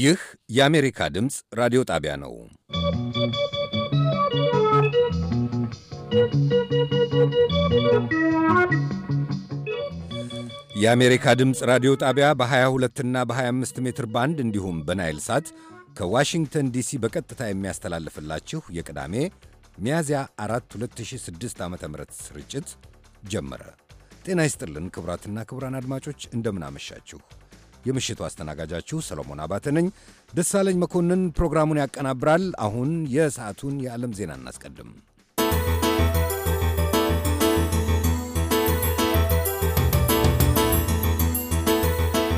ይህ የአሜሪካ ድምፅ ራዲዮ ጣቢያ ነው። የአሜሪካ ድምፅ ራዲዮ ጣቢያ በ22 እና በ25 ሜትር ባንድ እንዲሁም በናይል ሳት ከዋሽንግተን ዲሲ በቀጥታ የሚያስተላልፍላችሁ የቅዳሜ ሚያዝያ 4 2006 ዓ ም ስርጭት ጀመረ። ጤና ይስጥልን ክቡራትና ክቡራን አድማጮች እንደምናመሻችሁ። የምሽቱ አስተናጋጃችሁ ሰሎሞን አባተ ነኝ። ደሳለኝ መኮንን ፕሮግራሙን ያቀናብራል። አሁን የሰዓቱን የዓለም ዜና እናስቀድም።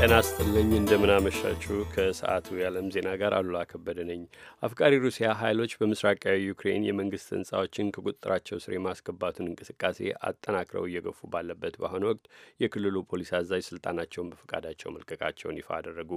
ጤና ስጥልኝ። እንደምናመሻችሁ። ከሰዓቱ የዓለም ዜና ጋር አሉላ ከበደ ነኝ። አፍቃሪ ሩሲያ ኃይሎች በምስራቃዊ ዩክሬን የመንግስት ህንፃዎችን ከቁጥጥራቸው ስር የማስገባቱን እንቅስቃሴ አጠናክረው እየገፉ ባለበት በአሁኑ ወቅት የክልሉ ፖሊስ አዛዥ ስልጣናቸውን በፈቃዳቸው መልቀቃቸውን ይፋ አደረጉ።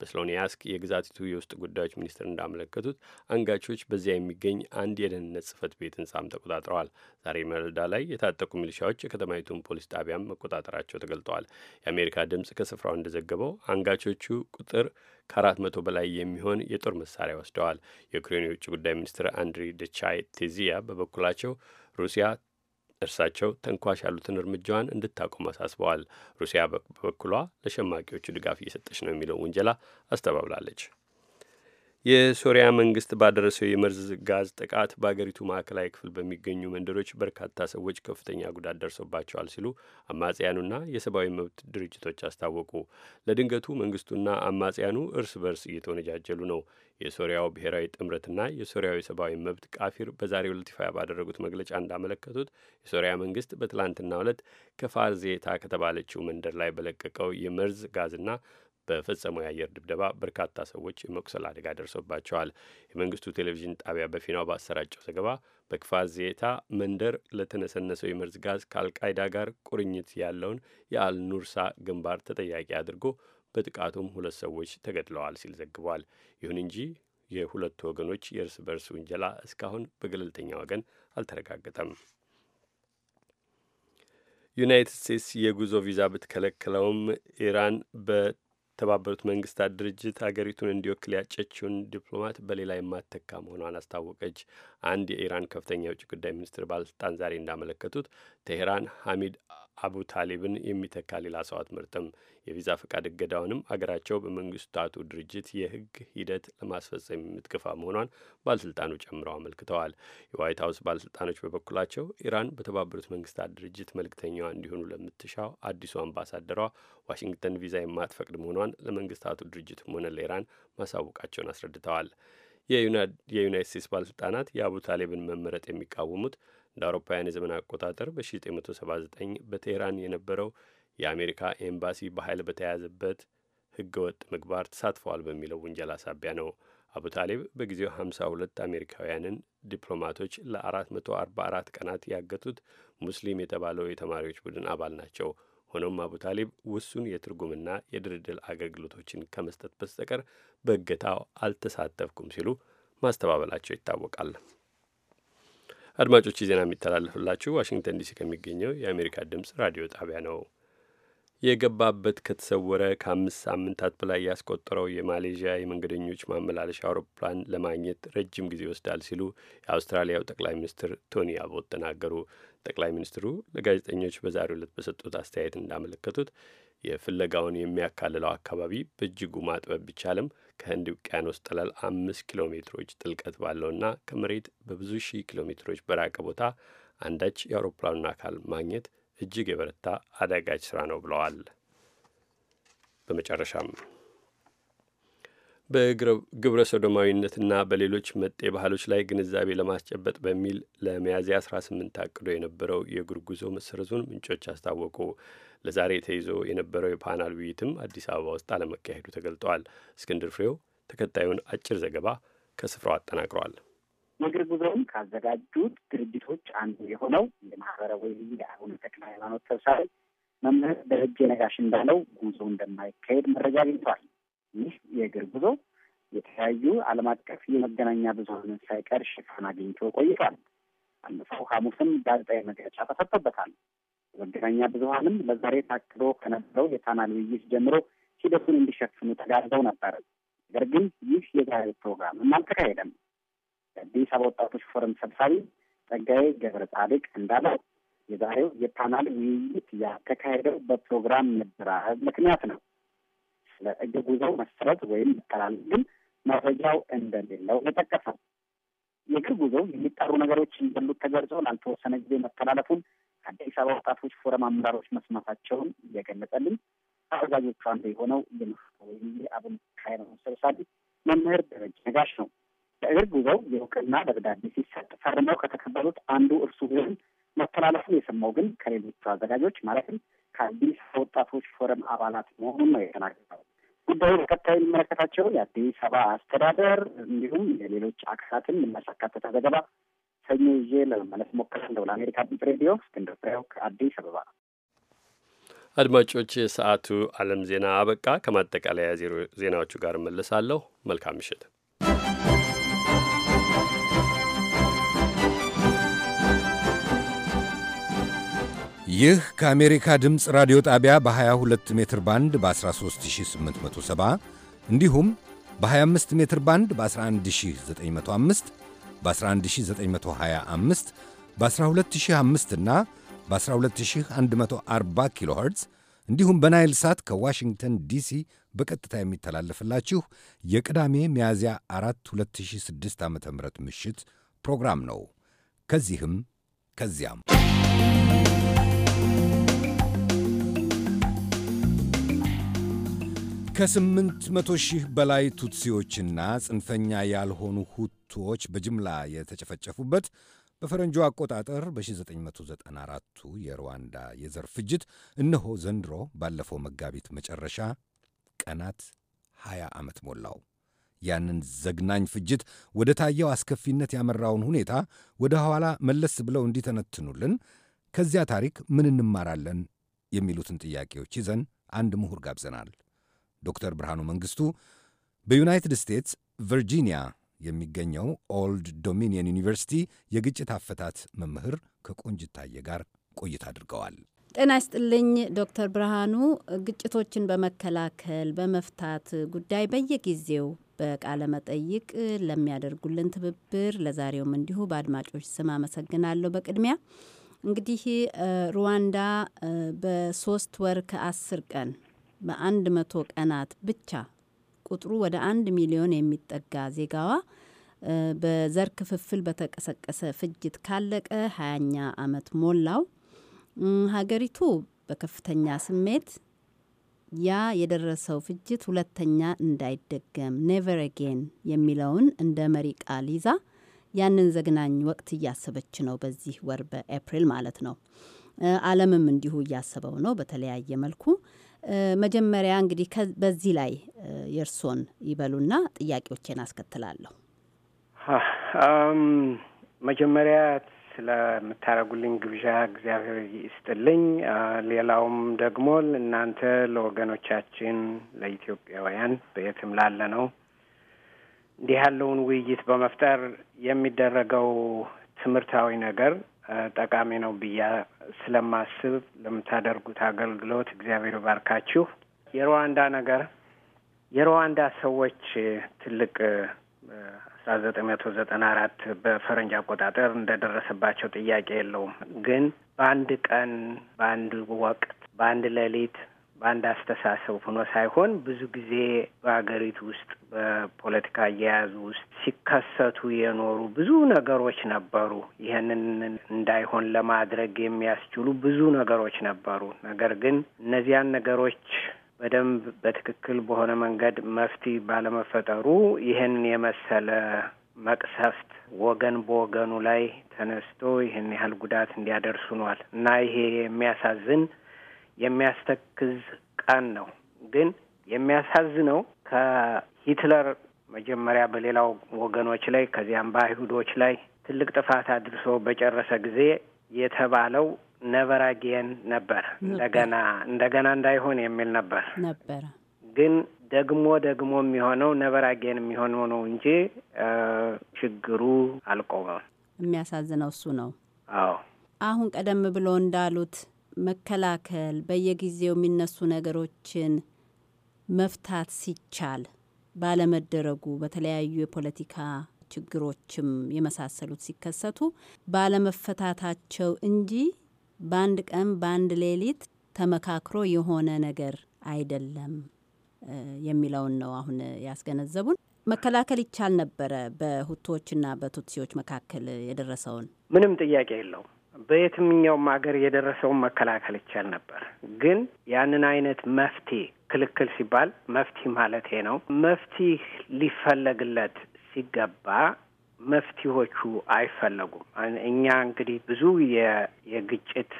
በስሎኒያስክ የግዛቲቱ የውስጥ ጉዳዮች ሚኒስትር እንዳመለከቱት አንጋቾች በዚያ የሚገኝ አንድ የደህንነት ጽህፈት ቤት ህንጻም ተቆጣጥረዋል። ዛሬ መረዳ ላይ የታጠቁ ሚሊሻዎች የከተማይቱን ፖሊስ ጣቢያም መቆጣጠራቸው ተገልጠዋል። የአሜሪካ ድምፅ ከስፍራው እንደዘገበው አንጋቾቹ ቁጥር ከአራት መቶ በላይ የሚሆን የጦር መሳሪያ ወስደዋል። የዩክሬን የውጭ ጉዳይ ሚኒስትር አንድሪ ደቻይ ቴዚያ በበኩላቸው ሩሲያ እርሳቸው ተንኳሽ ያሉትን እርምጃዋን እንድታቆም አሳስበዋል። ሩሲያ በበኩሏ ለሸማቂዎቹ ድጋፍ እየሰጠች ነው የሚለው ውንጀላ አስተባብላለች። የሶሪያ መንግስት ባደረሰው የመርዝ ጋዝ ጥቃት በአገሪቱ ማዕከላዊ ክፍል በሚገኙ መንደሮች በርካታ ሰዎች ከፍተኛ ጉዳት ደርሶባቸዋል ሲሉ አማጽያኑና የሰብአዊ መብት ድርጅቶች አስታወቁ። ለድንገቱ መንግስቱና አማጽያኑ እርስ በርስ እየተወነጃጀሉ ነው። የሶሪያው ብሔራዊ ጥምረትና የሶሪያው የሰብአዊ መብት ቃፊር በዛሬው ዕለት ይፋ ባደረጉት መግለጫ እንዳመለከቱት የሶሪያ መንግስት በትላንትናው ዕለት ከፋርዜታ ከተባለችው መንደር ላይ በለቀቀው የመርዝ ጋዝና በፈጸመው የአየር ድብደባ በርካታ ሰዎች የመቁሰል አደጋ ደርሶባቸዋል። የመንግስቱ ቴሌቪዥን ጣቢያ በፊናው ባሰራጨው ዘገባ በክፋዜታ መንደር ለተነሰነሰው የመርዝ ጋዝ ከአልቃይዳ ጋር ቁርኝት ያለውን የአልኑርሳ ግንባር ተጠያቂ አድርጎ በጥቃቱም ሁለት ሰዎች ተገድለዋል ሲል ዘግቧል። ይሁን እንጂ የሁለቱ ወገኖች የእርስ በርስ ውንጀላ እስካሁን በገለልተኛ ወገን አልተረጋገጠም። ዩናይትድ ስቴትስ የጉዞ ቪዛ ብትከለክለውም ኢራን በ የተባበሩት መንግስታት ድርጅት አገሪቱን እንዲወክል ያጨችውን ዲፕሎማት በሌላ የማትተካ መሆኗን አስታወቀች። አንድ የኢራን ከፍተኛ የውጭ ጉዳይ ሚኒስትር ባለስልጣን ዛሬ እንዳመለከቱት ቴሄራን ሐሚድ አቡ ታሊብን የሚተካ ሌላ ሰው አትመርጥም። የቪዛ ፈቃድ እገዳውንም አገራቸው በመንግስታቱ ድርጅት የህግ ሂደት ለማስፈጸም የምትገፋ መሆኗን ባለስልጣኑ ጨምረው አመልክተዋል። የዋይት ሀውስ ባለስልጣኖች በበኩላቸው ኢራን በተባበሩት መንግስታት ድርጅት መልእክተኛዋ እንዲሆኑ ለምትሻው አዲሱ አምባሳደሯ ዋሽንግተን ቪዛ የማትፈቅድ መሆኗን ለመንግስታቱ ድርጅትም ሆነ ለኢራን ማሳወቃቸውን አስረድተዋል። የዩናይት ስቴትስ ባለስልጣናት የአቡ ታሊብን መመረጥ የሚቃወሙት እንደ አውሮፓውያን የዘመን አቆጣጠር በ1979 በቴህራን የነበረው የአሜሪካ ኤምባሲ በኃይል በተያያዘበት ህገወጥ ምግባር ተሳትፈዋል በሚለው ውንጀላ ሳቢያ ነው። አቡታሌብ በጊዜው 52 አሜሪካውያንን ዲፕሎማቶች ለ444 ቀናት ያገቱት ሙስሊም የተባለው የተማሪዎች ቡድን አባል ናቸው። ሆኖም አቡታሌብ ውሱን የትርጉምና የድርድር አገልግሎቶችን ከመስጠት በስተቀር በእገታው አልተሳተፍኩም ሲሉ ማስተባበላቸው ይታወቃል። አድማጮች ዜና የሚተላለፍላችሁ ዋሽንግተን ዲሲ ከሚገኘው የአሜሪካ ድምፅ ራዲዮ ጣቢያ ነው። የገባበት ከተሰወረ ከአምስት ሳምንታት በላይ ያስቆጠረው የማሌዥያ የመንገደኞች ማመላለሻ አውሮፕላን ለማግኘት ረጅም ጊዜ ይወስዳል ሲሉ የአውስትራሊያው ጠቅላይ ሚኒስትር ቶኒ አቦት ተናገሩ። ጠቅላይ ሚኒስትሩ ለጋዜጠኞች በዛሬው ዕለት በሰጡት አስተያየት እንዳመለከቱት የፍለጋውን የሚያካልለው አካባቢ በእጅጉ ማጥበብ ቢቻልም ከህንድ ውቅያኖስ ጠለል አምስት ኪሎ ሜትሮች ጥልቀት ባለውና ከመሬት በብዙ ሺህ ኪሎ ሜትሮች በራቀ ቦታ አንዳች የአውሮፕላኑን አካል ማግኘት እጅግ የበረታ አዳጋች ስራ ነው ብለዋል። በመጨረሻም በግብረ ሶዶማዊነትና በሌሎች መጤ ባህሎች ላይ ግንዛቤ ለማስጨበጥ በሚል ለሚያዝያ 18 አቅዶ የነበረው የእግር ጉዞ መሰረዙን ምንጮች አስታወቁ። ለዛሬ ተይዞ የነበረው የፓናል ውይይትም አዲስ አበባ ውስጥ አለመካሄዱ ተገልጠዋል። እስክንድር ፍሬው ተከታዩን አጭር ዘገባ ከስፍራው አጠናቅሯል። የእግር ጉዞውን ካዘጋጁት ድርጅቶች አንዱ የሆነው የማህበረ ወይ የአሁን ተክለ ሃይማኖት ሰብሳቢ መምህር ደረጀ ነጋሽ እንዳለው ጉዞ እንደማይካሄድ መረጃ አግኝቷል። ይህ የእግር ጉዞ የተለያዩ ዓለም አቀፍ የመገናኛ ብዙኃንን ሳይቀር ሽፋን አግኝቶ ቆይቷል። አለፈው ሐሙስም ጋዜጣዊ መግለጫ ተሰጥቶበታል። የመገናኛ ብዙኃንም ለዛሬ ታቅዶ ከነበረው የፓናል ውይይት ጀምሮ ሂደቱን እንዲሸፍኑ ተጋርዘው ነበር። ነገር ግን ይህ የዛሬ ፕሮግራምም አልተካሄደም። የአዲስ አበባ ወጣቶች ፎረም ሰብሳቢ ጸጋዬ ገብረ ጻድቅ እንዳለው የዛሬው የፓናል ውይይት ያልተካሄደው በፕሮግራም መደራረብ ምክንያት ነው። ስለ እግር መሰረት ወይም መተላለፍ ግን መረጃው እንደሌለው የጠቀሰው የእግር ጉዞ የሚጠሩ ነገሮች እንዳሉት ተገልጾ ላልተወሰነ ጊዜ መተላለፉን አዲስ አበባ ወጣቶች ፎረም አመራሮች መስማታቸውን እየገለጸልን አዘጋጆቹ አንዱ የሆነው የማህበራዊ አብን ካይረው ሰብሳቢ መምህር ደረጀ ነጋሽ ነው። ለእግር ጉዞው የእውቅና ደብዳቤ ሲሰጥ ፈርመው ከተቀበሉት አንዱ እርሱ ቢሆን መተላለፉን የሰማው ግን ከሌሎቹ አዘጋጆች ማለትም ከአዲስ አበባ ወጣቶች ፎረም አባላት መሆኑን ነው የተናገረው። ጉዳዩ በቀጥታ የሚመለከታቸውን የአዲስ አበባ አስተዳደር እንዲሁም የሌሎች አካላትን የሚያሳካተተ ዘገባ ሰኞ ይዤ ለመመለስ ሞክራለሁ። ለአሜሪካ ድምፅ ሬዲዮ እስክንድር ፍሬው ከአዲስ አበባ። አድማጮች፣ የሰዓቱ ዓለም ዜና አበቃ። ከማጠቃለያ ዜናዎቹ ጋር እመለሳለሁ። መልካም ምሽት። ይህ ከአሜሪካ ድምፅ ራዲዮ ጣቢያ በ22 ሜትር ባንድ በ13870 እንዲሁም በ25 ሜትር ባንድ በ11905 በ11925 በ12005 እና በ12140 ኪሎ ኸርትዝ እንዲሁም በናይል ሳት ከዋሽንግተን ዲሲ በቀጥታ የሚተላለፍላችሁ የቅዳሜ ሚያዝያ 4 2006 ዓ ም ምሽት ፕሮግራም ነው። ከዚህም ከዚያም ከስምንት መቶ ሺህ በላይ ቱትሲዎችና ጽንፈኛ ያልሆኑ ሁቱዎች በጅምላ የተጨፈጨፉበት በፈረንጆ አቆጣጠር በ1994ቱ የሩዋንዳ የዘር ፍጅት እነሆ ዘንድሮ ባለፈው መጋቢት መጨረሻ ቀናት 20 ዓመት ሞላው። ያንን ዘግናኝ ፍጅት ወደ ታየው አስከፊነት ያመራውን ሁኔታ ወደ ኋላ መለስ ብለው እንዲተነትኑልን ከዚያ ታሪክ ምን እንማራለን የሚሉትን ጥያቄዎች ይዘን አንድ ምሁር ጋብዘናል። ዶክተር ብርሃኑ መንግስቱ በዩናይትድ ስቴትስ ቨርጂኒያ የሚገኘው ኦልድ ዶሚኒየን ዩኒቨርሲቲ የግጭት አፈታት መምህር ከቆንጅታየ ጋር ቆይታ አድርገዋል። ጤና ይስጥልኝ ዶክተር ብርሃኑ። ግጭቶችን በመከላከል በመፍታት ጉዳይ በየጊዜው በቃለ መጠይቅ ለሚያደርጉልን ትብብር ለዛሬውም እንዲሁ በአድማጮች ስም አመሰግናለሁ። በቅድሚያ እንግዲህ ሩዋንዳ በሶስት ወር ከአስር ቀን በአንድ መቶ ቀናት ብቻ ቁጥሩ ወደ አንድ ሚሊዮን የሚጠጋ ዜጋዋ በዘር ክፍፍል በተቀሰቀሰ ፍጅት ካለቀ ሀያኛ አመት ሞላው። ሀገሪቱ በከፍተኛ ስሜት ያ የደረሰው ፍጅት ሁለተኛ እንዳይደገም ኔቨር አጌን የሚለውን እንደ መሪ ቃል ይዛ ያንን ዘግናኝ ወቅት እያሰበች ነው። በዚህ ወር በኤፕሪል ማለት ነው። ዓለምም እንዲሁ እያሰበው ነው በተለያየ መልኩ መጀመሪያ እንግዲህ በዚህ ላይ የእርሶን ይበሉና ጥያቄዎቼን አስከትላለሁ። መጀመሪያ ስለምታደርጉልኝ ግብዣ እግዚአብሔር ይስጥልኝ። ሌላውም ደግሞ እናንተ ለወገኖቻችን ለኢትዮጵያውያን በየትም ላለ ነው እንዲህ ያለውን ውይይት በመፍጠር የሚደረገው ትምህርታዊ ነገር ጠቃሚ ነው ብያ ስለማስብ ለምታደርጉት አገልግሎት እግዚአብሔር ባርካችሁ። የሩዋንዳ ነገር የሩዋንዳ ሰዎች ትልቅ አስራ ዘጠኝ መቶ ዘጠና አራት በፈረንጅ አቆጣጠር እንደደረሰባቸው ጥያቄ የለውም። ግን በአንድ ቀን፣ በአንድ ወቅት፣ በአንድ ሌሊት በአንድ አስተሳሰብ ሆኖ ሳይሆን ብዙ ጊዜ በሀገሪቱ ውስጥ በፖለቲካ አያያዙ ውስጥ ሲከሰቱ የኖሩ ብዙ ነገሮች ነበሩ። ይህንን እንዳይሆን ለማድረግ የሚያስችሉ ብዙ ነገሮች ነበሩ። ነገር ግን እነዚያን ነገሮች በደንብ በትክክል በሆነ መንገድ መፍትሄ ባለመፈጠሩ ይህንን የመሰለ መቅሰፍት ወገን በወገኑ ላይ ተነስቶ ይህን ያህል ጉዳት እንዲያደርሱ ሆኗል እና ይሄ የሚያሳዝን የሚያስተክዝ ቀን ነው። ግን የሚያሳዝነው ከሂትለር መጀመሪያ በሌላው ወገኖች ላይ ከዚያም በአይሁዶች ላይ ትልቅ ጥፋት አድርሶ በጨረሰ ጊዜ የተባለው ነበራጌን ነበር። እንደገና እንደገና እንዳይሆን የሚል ነበር ነበረ ግን ደግሞ ደግሞ የሚሆነው ነበራጌን የሚሆነው ነው እንጂ ችግሩ አልቆመም። የሚያሳዝነው እሱ ነው። አዎ አሁን ቀደም ብሎ እንዳሉት መከላከል፣ በየጊዜው የሚነሱ ነገሮችን መፍታት ሲቻል ባለመደረጉ በተለያዩ የፖለቲካ ችግሮችም የመሳሰሉት ሲከሰቱ ባለመፈታታቸው እንጂ በአንድ ቀን በአንድ ሌሊት ተመካክሮ የሆነ ነገር አይደለም የሚለውን ነው አሁን ያስገነዘቡን። መከላከል ይቻል ነበረ በሁቶዎችና በቱትሲዎች መካከል የደረሰውን ምንም ጥያቄ የለውም። በየትኛውም ሀገር የደረሰውን መከላከል ይቻል ነበር። ግን ያንን አይነት መፍትሄ ክልክል ሲባል መፍትሄ ማለት ነው። መፍትሄ ሊፈለግለት ሲገባ መፍትሄዎቹ አይፈለጉም። እኛ እንግዲህ ብዙ የግጭት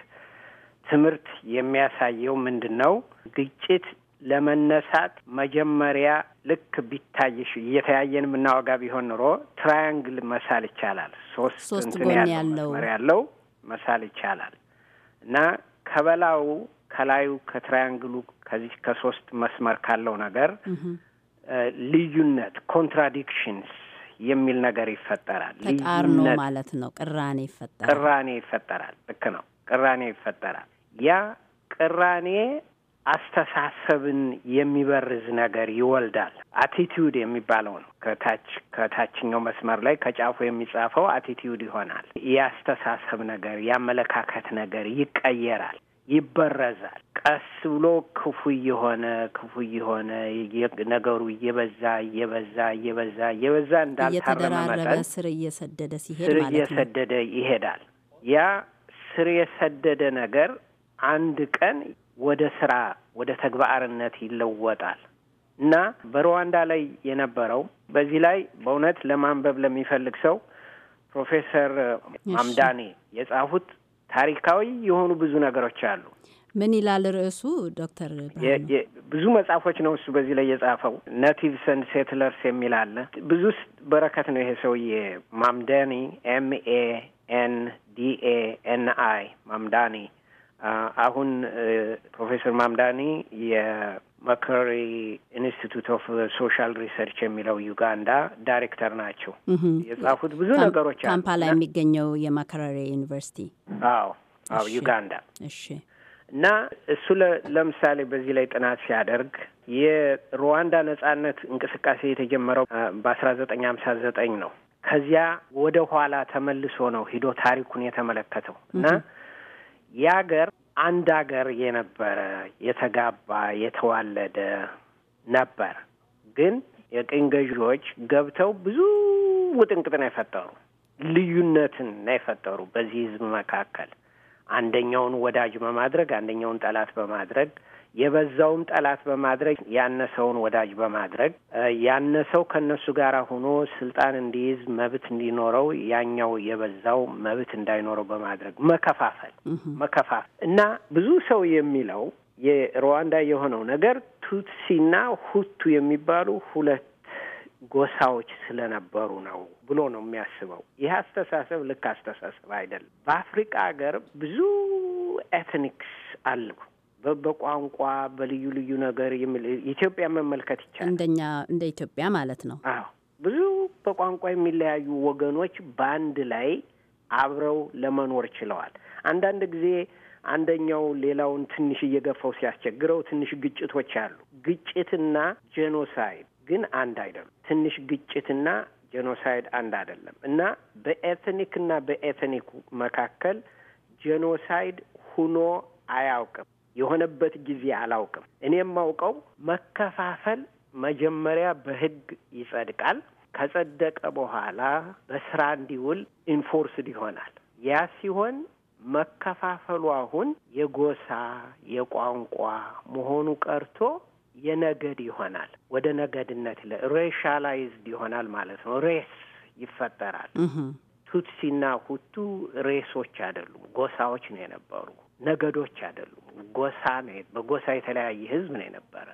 ትምህርት የሚያሳየው ምንድን ነው? ግጭት ለመነሳት መጀመሪያ ልክ ቢታይሽ እየተያየን የምናወጋ ቢሆን ኑሮ ትራያንግል መሳል ይቻላል። ሶስት እንትን ያለው ያለው መሳል ይቻላል እና ከበላው ከላዩ ከትራያንግሉ ከዚህ ከሶስት መስመር ካለው ነገር ልዩነት ኮንትራዲክሽንስ የሚል ነገር ይፈጠራል። ተቃርኖ ማለት ነው። ቅራኔ ይፈጠራል። ቅራኔ ይፈጠራል። ልክ ነው። ቅራኔ ይፈጠራል። ያ ቅራኔ አስተሳሰብን የሚበርዝ ነገር ይወልዳል። አቲቲዩድ የሚባለው ነው። ከታች ከታችኛው መስመር ላይ ከጫፉ የሚጻፈው አቲቲዩድ ይሆናል። የአስተሳሰብ ነገር የአመለካከት ነገር ይቀየራል፣ ይበረዛል። ቀስ ብሎ ክፉ እየሆነ ክፉ እየሆነ ነገሩ እየበዛ እየበዛ እየበዛ እየበዛ እንዳልታረመ መጠን ስር እየሰደደ ሲሄድ ስር እየሰደደ ይሄዳል። ያ ስር የሰደደ ነገር አንድ ቀን ወደ ስራ ወደ ተግባርነት ይለወጣል እና በሩዋንዳ ላይ የነበረው በዚህ ላይ በእውነት ለማንበብ ለሚፈልግ ሰው ፕሮፌሰር አምዳኔ የጻፉት ታሪካዊ የሆኑ ብዙ ነገሮች አሉ። ምን ይላል ርዕሱ? ዶክተር ብዙ መጽሐፎች ነው እሱ በዚህ ላይ የጻፈው። ነቲቭስ ኤንድ ሴትለርስ የሚል አለ። ብዙ በረከት ነው ይሄ ሰውዬ ማምዳኒ ኤም ኤ ኤን ዲ ኤ ኤን አይ ማምዳኒ አሁን ፕሮፌሰር ማምዳኒ የመከሪ ኢንስቲቱት ኦፍ ሶሻል ሪሰርች የሚለው ዩጋንዳ ዳይሬክተር ናቸው። የጻፉት ብዙ ነገሮች ካምፓላ የሚገኘው የማከራሪ ዩኒቨርሲቲ። አዎ አዎ፣ ዩጋንዳ። እሺ። እና እሱ ለምሳሌ በዚህ ላይ ጥናት ሲያደርግ የሩዋንዳ ነጻነት እንቅስቃሴ የተጀመረው በአስራ ዘጠኝ ሀምሳ ዘጠኝ ነው። ከዚያ ወደ ኋላ ተመልሶ ነው ሂዶ ታሪኩን የተመለከተው እና ያገር አንድ አገር የነበረ የተጋባ የተዋለደ ነበር። ግን የቅኝ ገዢዎች ገብተው ብዙ ውጥንቅጥን የፈጠሩ ልዩነትን የፈጠሩ በዚህ ህዝብ መካከል አንደኛውን ወዳጅ በማድረግ አንደኛውን ጠላት በማድረግ የበዛውን ጠላት በማድረግ ያነሰውን ወዳጅ በማድረግ ያነሰው ከነሱ ጋር ሆኖ ስልጣን እንዲይዝ መብት እንዲኖረው ያኛው የበዛው መብት እንዳይኖረው በማድረግ መከፋፈል መከፋፈል እና ብዙ ሰው የሚለው የሩዋንዳ የሆነው ነገር ቱትሲና ሁቱ የሚባሉ ሁለት ጎሳዎች ስለነበሩ ነው ብሎ ነው የሚያስበው። ይህ አስተሳሰብ ልክ አስተሳሰብ አይደለም። በአፍሪቃ ሀገር ብዙ ኤትኒክስ አሉ። በቋንቋ በልዩ ልዩ ነገር ኢትዮጵያ መመልከት ይቻላል። እንደኛ እንደ ኢትዮጵያ ማለት ነው። አዎ ብዙ በቋንቋ የሚለያዩ ወገኖች በአንድ ላይ አብረው ለመኖር ችለዋል። አንዳንድ ጊዜ አንደኛው ሌላውን ትንሽ እየገፋው ሲያስቸግረው ትንሽ ግጭቶች አሉ። ግጭትና ጄኖሳይድ ግን አንድ አይደሉም። ትንሽ ግጭትና ጄኖሳይድ አንድ አይደለም እና በኤትኒክና በኤትኒክ መካከል ጄኖሳይድ ሁኖ አያውቅም። የሆነበት ጊዜ አላውቅም። እኔ የማውቀው መከፋፈል መጀመሪያ በህግ ይጸድቃል። ከጸደቀ በኋላ በስራ እንዲውል ኢንፎርስድ ይሆናል። ያ ሲሆን መከፋፈሉ አሁን የጎሳ የቋንቋ መሆኑ ቀርቶ የነገድ ይሆናል። ወደ ነገድነት ሬሻላይዝድ ይሆናል ማለት ነው። ሬስ ይፈጠራል። ቱትሲና ሁቱ ሬሶች አይደሉም፣ ጎሳዎች ነው የነበሩ። ነገዶች አይደሉም። ጎሳ ነው። በጎሳ የተለያየ ህዝብ ነው የነበረ።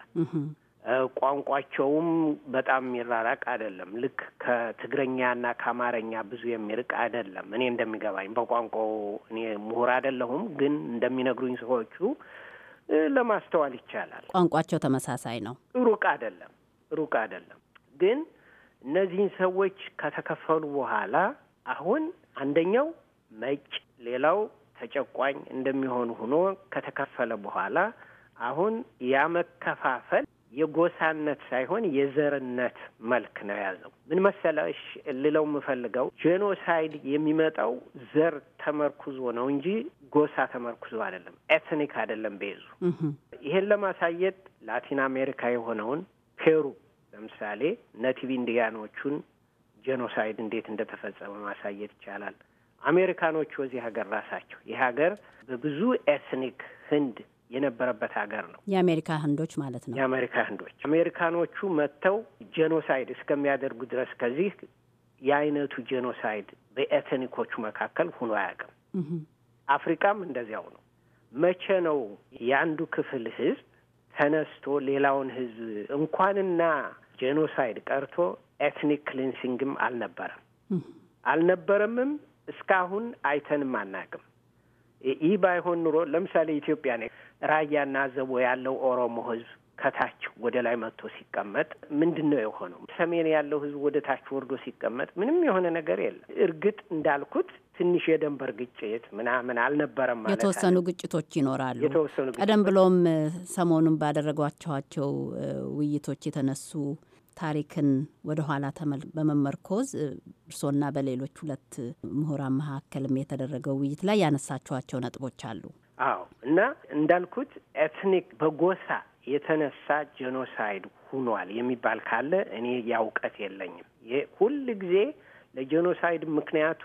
ቋንቋቸውም በጣም የሚራራቅ አይደለም። ልክ ከትግረኛና ከአማርኛ ብዙ የሚርቅ አይደለም። እኔ እንደሚገባኝ በቋንቋው እኔ ምሁር አይደለሁም፣ ግን እንደሚነግሩኝ ሰዎቹ ለማስተዋል ይቻላል። ቋንቋቸው ተመሳሳይ ነው። ሩቅ አይደለም፣ ሩቅ አይደለም። ግን እነዚህን ሰዎች ከተከፈሉ በኋላ አሁን አንደኛው መጭ፣ ሌላው ተጨቋኝ እንደሚሆን ሆኖ ከተከፈለ በኋላ አሁን ያ መከፋፈል የጎሳነት ሳይሆን የዘርነት መልክ ነው የያዘው። ምን መሰለሽ ልለው የምፈልገው ጄኖሳይድ የሚመጣው ዘር ተመርኩዞ ነው እንጂ ጎሳ ተመርኩዞ አይደለም፣ ኤትኒክ አይደለም ቤዙ። ይሄን ለማሳየት ላቲን አሜሪካ የሆነውን ፔሩ ለምሳሌ ነቲቭ ኢንዲያኖቹን ጄኖሳይድ እንዴት እንደተፈጸመ ማሳየት ይቻላል። አሜሪካኖቹ በዚህ ሀገር ራሳቸው ይህ ሀገር በብዙ ኤትኒክ ህንድ የነበረበት ሀገር ነው። የአሜሪካ ህንዶች ማለት ነው። የአሜሪካ ህንዶች አሜሪካኖቹ መጥተው ጄኖሳይድ እስከሚያደርጉ ድረስ ከዚህ የአይነቱ ጄኖሳይድ በኤትኒኮቹ መካከል ሁኖ አያውቅም። አፍሪካም እንደዚያው ነው። መቼ ነው የአንዱ ክፍል ህዝብ ተነስቶ ሌላውን ህዝብ እንኳንና ጄኖሳይድ ቀርቶ ኤትኒክ ክሊንሲንግም አልነበረም አልነበረምም እስካሁን አይተንም አናቅም። ይህ ባይሆን ኑሮ ለምሳሌ ኢትዮጵያ ነ ራያና ዘቦ ያለው ኦሮሞ ህዝብ ከታች ወደ ላይ መጥቶ ሲቀመጥ ምንድን ነው የሆነው? ሰሜን ያለው ህዝብ ወደ ታች ወርዶ ሲቀመጥ ምንም የሆነ ነገር የለም። እርግጥ እንዳልኩት ትንሽ የደንበር ግጭት ምናምን አልነበረም ማለት የተወሰኑ ግጭቶች ይኖራሉ። የተወሰኑ ቀደም ብሎም ሰሞኑን ባደረጓቸዋቸው ውይይቶች የተነሱ ታሪክን ወደኋላ በመመርኮዝ እርሶና በሌሎች ሁለት ምሁራን መካከልም የተደረገው ውይይት ላይ ያነሳችኋቸው ነጥቦች አሉ። አዎ እና እንዳልኩት ኤትኒክ በጎሳ የተነሳ ጄኖሳይድ ሁኗል የሚባል ካለ እኔ ያውቀት የለኝም። ሁል ጊዜ ለጄኖሳይድ ምክንያቱ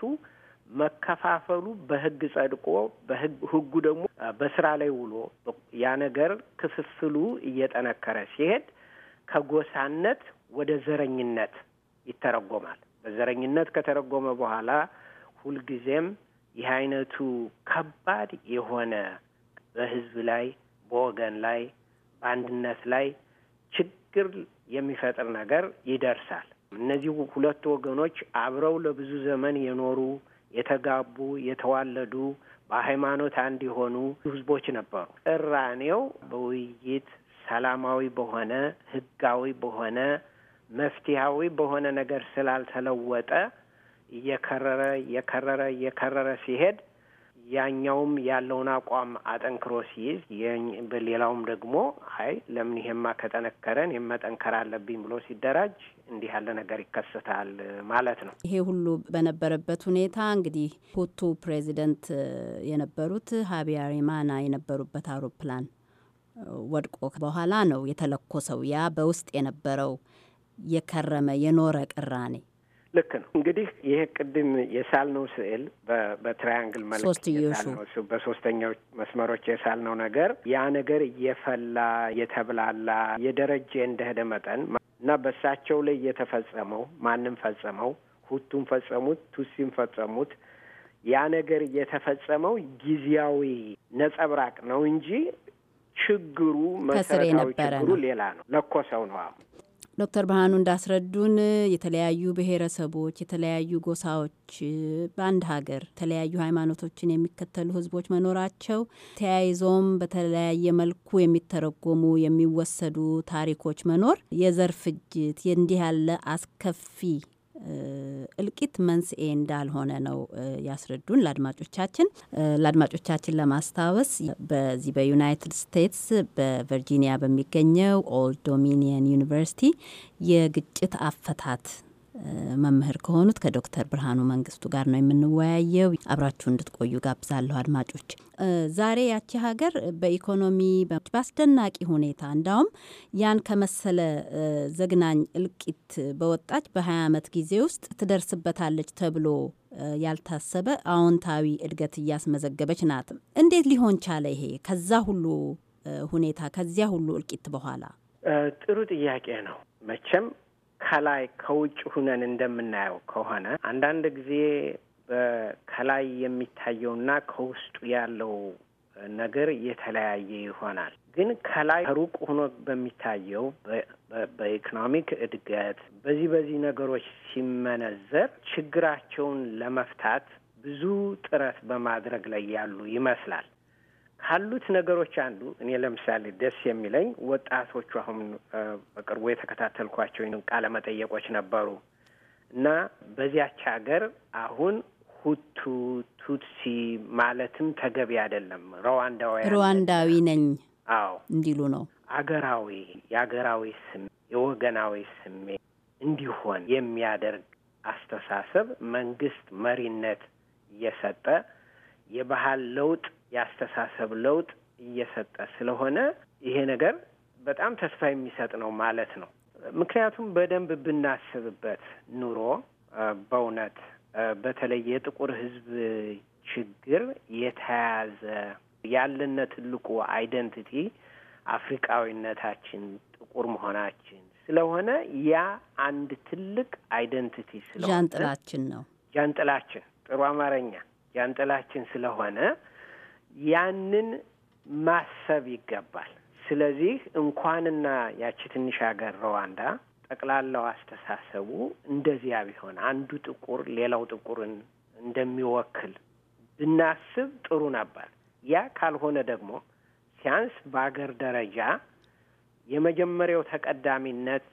መከፋፈሉ በህግ ጸድቆ ሕጉ ደግሞ በስራ ላይ ውሎ ያ ነገር ክፍፍሉ እየጠነከረ ሲሄድ ከጎሳነት ወደ ዘረኝነት ይተረጎማል። በዘረኝነት ከተረጎመ በኋላ ሁልጊዜም ይህ አይነቱ ከባድ የሆነ በህዝብ ላይ በወገን ላይ በአንድነት ላይ ችግር የሚፈጥር ነገር ይደርሳል። እነዚህ ሁለት ወገኖች አብረው ለብዙ ዘመን የኖሩ የተጋቡ፣ የተዋለዱ በሃይማኖት አንድ የሆኑ ህዝቦች ነበሩ። ቅራኔው በውይይት ሰላማዊ በሆነ ህጋዊ በሆነ መፍትሄያዊ በሆነ ነገር ስላልተለወጠ እየከረረ እየከረረ እየከረረ ሲሄድ ያኛውም ያለውን አቋም አጠንክሮ ሲይዝ ሌላውም ደግሞ አይ ለምን ይሄማ ከጠነከረን የመጠንከር አለብኝ ብሎ ሲደራጅ እንዲህ ያለ ነገር ይከሰታል ማለት ነው። ይሄ ሁሉ በነበረበት ሁኔታ እንግዲህ ሁቱ ፕሬዚደንት የነበሩት ሀቢያሪማና የነበሩበት አውሮፕላን ወድቆ በኋላ ነው የተለኮሰው ያ በውስጥ የነበረው የከረመ የኖረ ቅራኔ ልክ ነው። እንግዲህ ይሄ ቅድም የሳልነው ስዕል በትራያንግል መልክ በሶስተኛው መስመሮች የሳልነው ነገር ያ ነገር እየፈላ የተብላላ የደረጀ እንደሄደ መጠን እና በእሳቸው ላይ እየተፈጸመው ማንም ፈጸመው፣ ሁቱም ፈጸሙት፣ ቱሲም ፈጸሙት። ያ ነገር እየተፈጸመው ጊዜያዊ ነጸብራቅ ነው እንጂ ችግሩ መሰረታዊ ችግሩ ሌላ ነው። ለኮሰው ነው ዶክተር ብርሃኑ እንዳስረዱን የተለያዩ ብሔረሰቦች፣ የተለያዩ ጎሳዎች በአንድ ሀገር የተለያዩ ሃይማኖቶችን የሚከተሉ ህዝቦች መኖራቸው ተያይዞም በተለያየ መልኩ የሚተረጎሙ የሚወሰዱ ታሪኮች መኖር የዘር ፍጅት የእንዲህ ያለ አስከፊ እልቂት መንስኤ እንዳልሆነ ነው ያስረዱን። ለአድማጮቻችን ለአድማጮቻችን ለማስታወስ በዚህ በዩናይትድ ስቴትስ በቨርጂኒያ በሚገኘው ኦልድ ዶሚኒየን ዩኒቨርሲቲ የግጭት አፈታት መምህር ከሆኑት ከዶክተር ብርሃኑ መንግስቱ ጋር ነው የምንወያየው። አብራችሁ እንድትቆዩ ጋብዛለሁ አድማጮች። ዛሬ ያቺ ሀገር በኢኮኖሚ በአስደናቂ ሁኔታ እንዳውም ያን ከመሰለ ዘግናኝ እልቂት በወጣች በ20 ዓመት ጊዜ ውስጥ ትደርስበታለች ተብሎ ያልታሰበ አዎንታዊ እድገት እያስመዘገበች ናት። እንዴት ሊሆን ቻለ ይሄ ከዛ ሁሉ ሁኔታ ከዚያ ሁሉ እልቂት በኋላ? ጥሩ ጥያቄ ነው። መቼም ከላይ ከውጭ ሁነን እንደምናየው ከሆነ አንዳንድ ጊዜ ከላይ የሚታየውና ከውስጡ ያለው ነገር የተለያየ ይሆናል። ግን ከላይ ከሩቅ ሆኖ በሚታየው በኢኮኖሚክ እድገት በዚህ በዚህ ነገሮች ሲመነዘር ችግራቸውን ለመፍታት ብዙ ጥረት በማድረግ ላይ ያሉ ይመስላል። ካሉት ነገሮች አንዱ እኔ ለምሳሌ ደስ የሚለኝ ወጣቶቹ አሁን በቅርቡ የተከታተልኳቸው ቃለ መጠየቆች ነበሩ እና በዚያች ሀገር አሁን ሁቱ ቱትሲ ማለትም ተገቢ አይደለም፣ ሩዋንዳዊ ሩዋንዳዊ ነኝ አዎ እንዲሉ ነው። አገራዊ የአገራዊ ስሜት የወገናዊ ስሜ እንዲሆን የሚያደርግ አስተሳሰብ መንግስት መሪነት እየሰጠ የባህል ለውጥ የአስተሳሰብ ለውጥ እየሰጠ ስለሆነ ይሄ ነገር በጣም ተስፋ የሚሰጥ ነው ማለት ነው። ምክንያቱም በደንብ ብናስብበት ኑሮ በእውነት በተለይ የጥቁር ሕዝብ ችግር የተያያዘ ያለነ ትልቁ አይደንቲቲ አፍሪቃዊነታችን ጥቁር መሆናችን ስለሆነ ያ አንድ ትልቅ አይደንቲቲ ስለሆነ ጃንጥላችን ነው። ጃንጥላችን ጥሩ አማርኛ ጃንጥላችን ስለሆነ ያንን ማሰብ ይገባል። ስለዚህ እንኳንና ያቺ ትንሽ ሀገር ሩዋንዳ ጠቅላላው አስተሳሰቡ እንደዚያ ቢሆን አንዱ ጥቁር ሌላው ጥቁርን እንደሚወክል ብናስብ ጥሩ ነበር። ያ ካልሆነ ደግሞ ሲያንስ በአገር ደረጃ የመጀመሪያው ተቀዳሚነት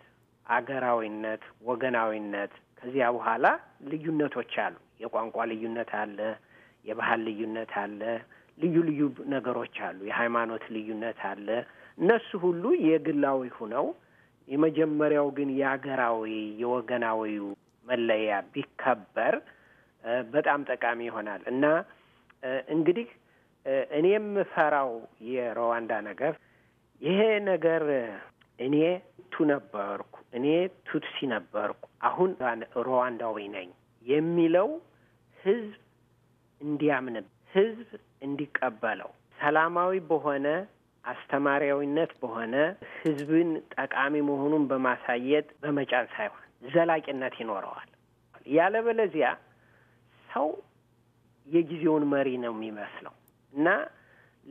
አገራዊነት፣ ወገናዊነት ከዚያ በኋላ ልዩነቶች አሉ። የቋንቋ ልዩነት አለ፣ የባህል ልዩነት አለ፣ ልዩ ልዩ ነገሮች አሉ። የሃይማኖት ልዩነት አለ። እነሱ ሁሉ የግላዊ ሁነው የመጀመሪያው ግን የአገራዊ የወገናዊው መለያ ቢከበር በጣም ጠቃሚ ይሆናል እና እንግዲህ እኔ የምፈራው የሩዋንዳ ነገር ይሄ ነገር እኔ ቱ ነበርኩ እኔ ቱትሲ ነበርኩ አሁን ሩዋንዳዊ ነኝ የሚለው ህዝብ እንዲያምን ህዝብ እንዲቀበለው ሰላማዊ በሆነ አስተማሪያዊነት በሆነ ህዝብን ጠቃሚ መሆኑን በማሳየት በመጫን ሳይሆን ዘላቂነት ይኖረዋል። ያለበለዚያ ሰው የጊዜውን መሪ ነው የሚመስለው እና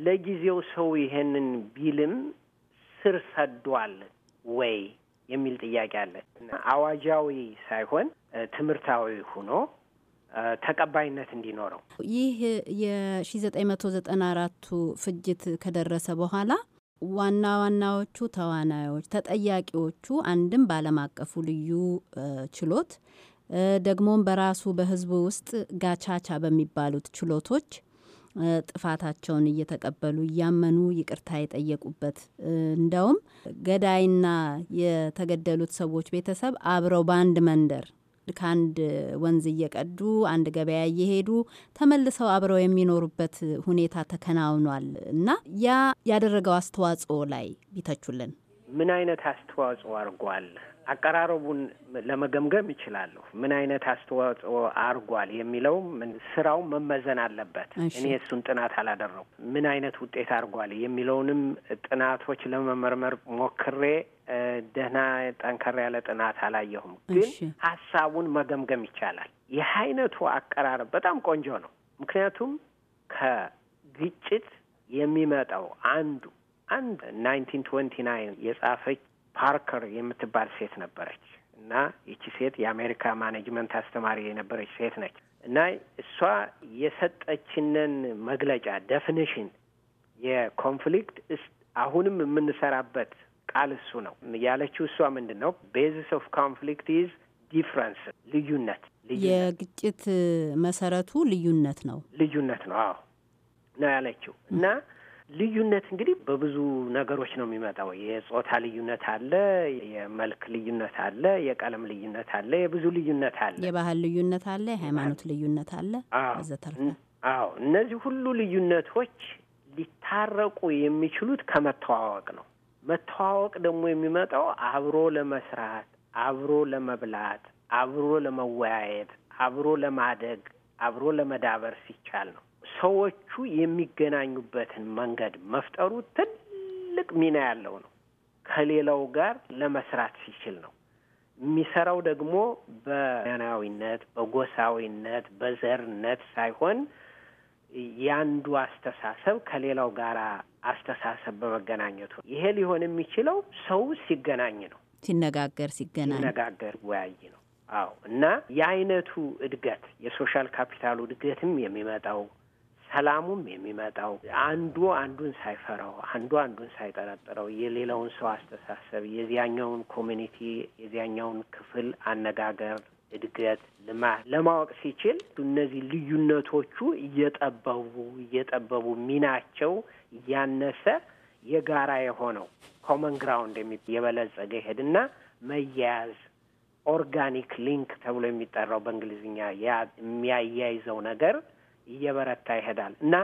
ለጊዜው ሰው ይሄንን ቢልም ስር ሰዷል ወይ የሚል ጥያቄ አለ። አዋጃዊ ሳይሆን ትምህርታዊ ሆኖ ተቀባይነት እንዲኖረው። ይህ የ 1994 ፍጅት ከደረሰ በኋላ ዋና ዋናዎቹ ተዋናዮች ተጠያቂዎቹ አንድም በዓለም አቀፉ ልዩ ችሎት ደግሞም በራሱ በህዝቡ ውስጥ ጋቻቻ በሚባሉት ችሎቶች ጥፋታቸውን እየተቀበሉ እያመኑ ይቅርታ የጠየቁበት እንደውም ገዳይና የተገደሉት ሰዎች ቤተሰብ አብረው በአንድ መንደር ከአንድ ወንዝ እየቀዱ አንድ ገበያ እየሄዱ ተመልሰው አብረው የሚኖሩበት ሁኔታ ተከናውኗል እና ያ ያደረገው አስተዋጽኦ ላይ ቢተቹልን ምን አይነት አስተዋጽኦ አድርጓል? አቀራረቡን ለመገምገም ይችላለሁ። ምን አይነት አስተዋጽኦ አርጓል የሚለው ስራው መመዘን አለበት። እኔ እሱን ጥናት አላደረጉ ምን አይነት ውጤት አርጓል የሚለውንም ጥናቶች ለመመርመር ሞክሬ ደህና ጠንከር ያለ ጥናት አላየሁም፣ ግን ሀሳቡን መገምገም ይቻላል። ይህ አይነቱ አቀራረብ በጣም ቆንጆ ነው። ምክንያቱም ከግጭት የሚመጣው አንዱ አንድ ናይንቲን ትወንቲ ናይን የጻፈች ፓርከር የምትባል ሴት ነበረች እና ይቺ ሴት የአሜሪካ ማኔጅመንት አስተማሪ የነበረች ሴት ነች እና እሷ የሰጠችንን መግለጫ ደፊኒሽን የኮንፍሊክት አሁንም የምንሰራበት ቃል እሱ ነው ያለችው። እሷ ምንድን ነው ቤዚስ ኦፍ ኮንፍሊክት ኢዝ ዲፍረንስ፣ ልዩነት የግጭት መሰረቱ ልዩነት ነው ልዩነት ነው አዎ ነው ያለችው እና ልዩነት እንግዲህ በብዙ ነገሮች ነው የሚመጣው። የጾታ ልዩነት አለ፣ የመልክ ልዩነት አለ፣ የቀለም ልዩነት አለ፣ የብዙ ልዩነት አለ፣ የባህል ልዩነት አለ፣ የሃይማኖት ልዩነት አለ ወዘተርፈ። አዎ እነዚህ ሁሉ ልዩነቶች ሊታረቁ የሚችሉት ከመተዋወቅ ነው። መተዋወቅ ደግሞ የሚመጣው አብሮ ለመስራት፣ አብሮ ለመብላት፣ አብሮ ለመወያየት፣ አብሮ ለማደግ፣ አብሮ ለመዳበር ሲቻል ነው። ሰዎቹ የሚገናኙበትን መንገድ መፍጠሩ ትልቅ ሚና ያለው ነው። ከሌላው ጋር ለመስራት ሲችል ነው። የሚሰራው ደግሞ በናዊነት፣ በጎሳዊነት፣ በዘርነት ሳይሆን ያንዱ አስተሳሰብ ከሌላው ጋር አስተሳሰብ በመገናኘቱ ይሄ ሊሆን የሚችለው ሰው ሲገናኝ ነው። ሲነጋገር ሲገናኝ ሲነጋገር ወያይ ነው። አዎ። እና የአይነቱ እድገት የሶሻል ካፒታሉ እድገትም የሚመጣው ሰላሙም የሚመጣው አንዱ አንዱን ሳይፈራው፣ አንዱ አንዱን ሳይጠረጥረው የሌላውን ሰው አስተሳሰብ፣ የዚያኛውን ኮሚኒቲ፣ የዚያኛውን ክፍል አነጋገር፣ እድገት፣ ልማት ለማወቅ ሲችል እነዚህ ልዩነቶቹ እየጠበቡ እየጠበቡ ሚናቸው እያነሰ የጋራ የሆነው ኮመን ግራውንድ የበለጸገ ይሄድና መያያዝ ኦርጋኒክ ሊንክ ተብሎ የሚጠራው በእንግሊዝኛ የሚያያይዘው ነገር እየበረታ ይሄዳል እና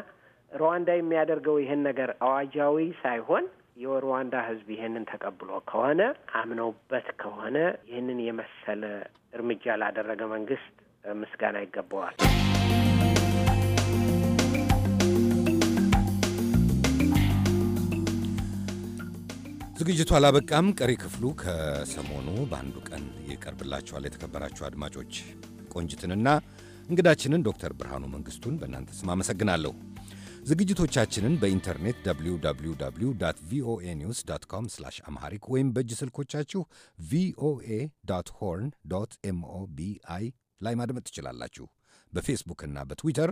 ሩዋንዳ የሚያደርገው ይህን ነገር አዋጃዊ ሳይሆን የሩዋንዳ ሕዝብ ይህንን ተቀብሎ ከሆነ አምነውበት ከሆነ ይህንን የመሰለ እርምጃ ላደረገ መንግስት ምስጋና ይገባዋል። ዝግጅቱ አላበቃም። ቀሪ ክፍሉ ከሰሞኑ በአንዱ ቀን ይቀርብላችኋል። የተከበራችሁ አድማጮች ቆንጅትንና እንግዳችንን ዶክተር ብርሃኑ መንግስቱን በእናንተ ስም አመሰግናለሁ። ዝግጅቶቻችንን በኢንተርኔት www ቪኦኤ ኒውስ ዶት ኮም ስላሽ አምሃሪክ ወይም በእጅ ስልኮቻችሁ ቪኦኤ ዶት ሆርን ዶት ኤምኦቢአይ ላይ ማድመጥ ትችላላችሁ። በፌስቡክና በትዊተር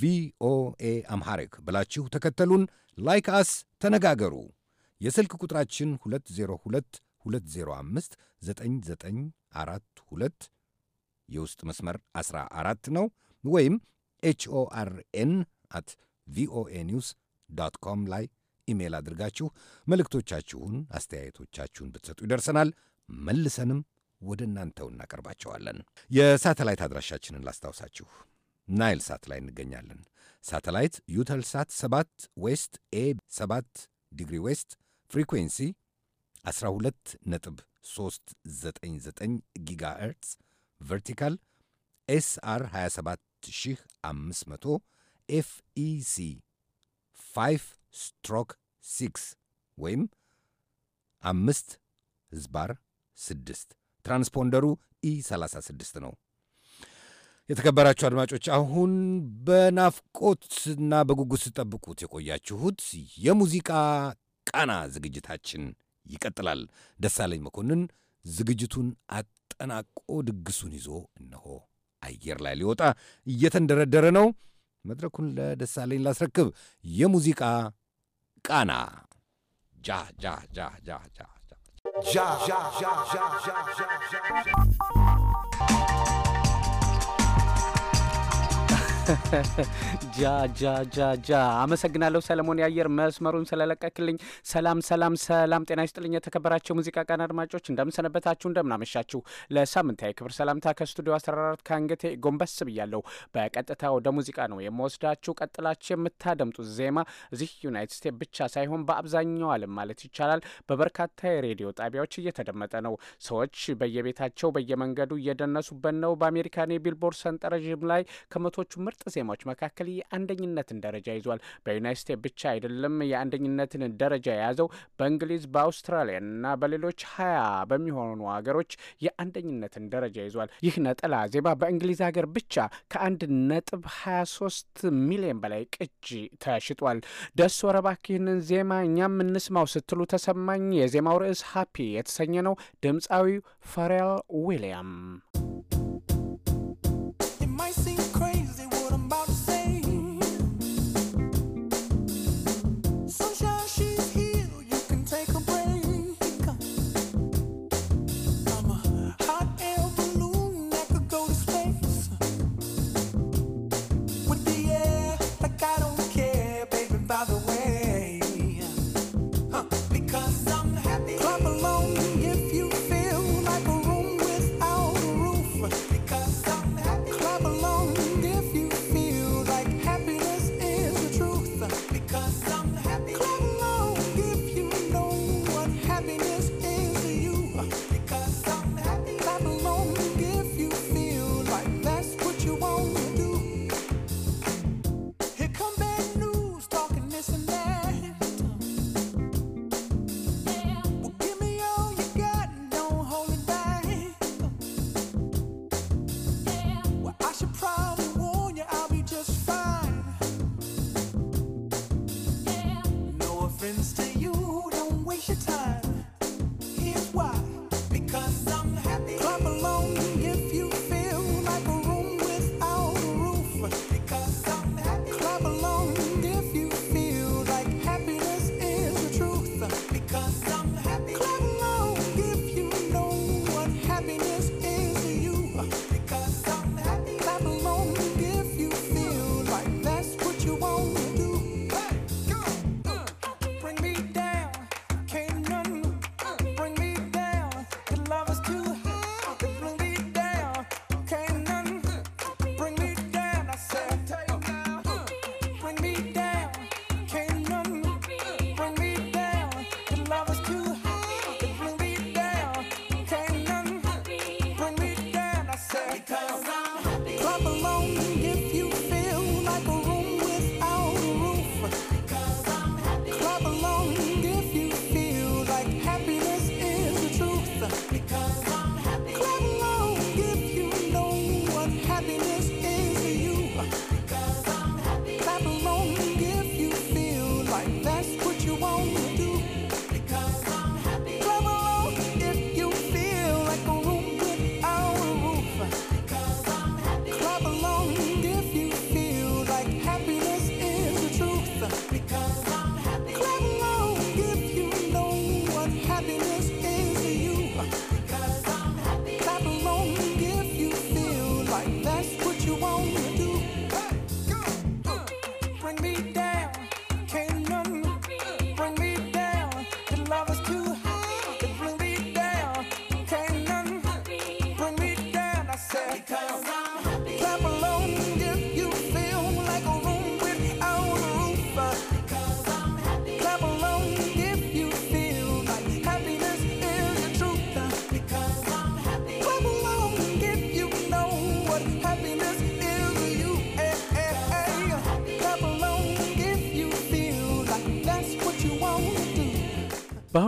ቪኦኤ አምሃሪክ ብላችሁ ተከተሉን፣ ላይክ አስ፣ ተነጋገሩ። የስልክ ቁጥራችን 202205 9942 የውስጥ መስመር 14 ነው ወይም ኤችኦአርኤን አት ቪኦኤ ኒውስ ዶት ኮም ላይ ኢሜል አድርጋችሁ መልእክቶቻችሁን፣ አስተያየቶቻችሁን ብትሰጡ ይደርሰናል። መልሰንም ወደ እናንተው እናቀርባቸዋለን። የሳተላይት አድራሻችንን ላስታውሳችሁ። ናይል ሳት ላይ እንገኛለን። ሳተላይት ዩተልሳት 7 ዌስት ኤ 7 ዲግሪ ዌስት ፍሪኩዌንሲ 1299 ጊጋ ኤርትስ ቨርቲካል ኤስአር 27500 ኤፍኢሲ 5 ስትሮክ 6 ወይም 5 ዝባር 6 ትራንስፖንደሩ ኢ36 ነው። የተከበራችሁ አድማጮች አሁን በናፍቆትና በጉጉት ስጠብቁት የቆያችሁት የሙዚቃ ቃና ዝግጅታችን ይቀጥላል። ደሳለኝ መኮንን ዝግጅቱን አጠናቆ ድግሱን ይዞ እነሆ አየር ላይ ሊወጣ እየተንደረደረ ነው። መድረኩን ለደሳለኝ ላስረክብ። የሙዚቃ ቃና ጃ አመሰግናለሁ ሰለሞን የአየር መስመሩን ስለለቀክልኝ። ሰላም ሰላም ሰላም፣ ጤና ይስጥልኝ የተከበራቸው ሙዚቃ ቀን አድማጮች እንደምንሰነበታችሁ፣ እንደምናመሻችሁ። ለሳምንታዊ ክብር ሰላምታ ከስቱዲዮ አስተራራት ከአንገቴ ጎንበስ ብያለሁ። በቀጥታ ወደ ሙዚቃ ነው የምወስዳችሁ። ቀጥላችሁ የምታደምጡት ዜማ እዚህ ዩናይትድ ስቴትስ ብቻ ሳይሆን በአብዛኛው ዓለም ማለት ይቻላል በበርካታ የሬዲዮ ጣቢያዎች እየተደመጠ ነው። ሰዎች በየቤታቸው በየመንገዱ እየደነሱበት ነው። በአሜሪካን የቢልቦርድ ሰንጠረዥም ላይ ከመቶቹ ምርጥ ዜማዎች መካከል የአንደኝነትን ደረጃ ይዟል። በዩናይት ስቴትስ ብቻ አይደለም የአንደኝነትን ደረጃ የያዘው በእንግሊዝ በአውስትራሊያ እና በሌሎች ሀያ በሚሆኑ ሀገሮች የአንደኝነትን ደረጃ ይዟል። ይህ ነጠላ ዜማ በእንግሊዝ ሀገር ብቻ ከአንድ ነጥብ ሀያ ሶስት ሚሊዮን በላይ ቅጂ ተሽጧል። ደስ ወረባክ ይህንን ዜማ እኛም እንስማው ስትሉ ተሰማኝ። የዜማው ርዕስ ሀፒ የተሰኘ ነው። ድምፃዊው ፈሬል ዊሊያም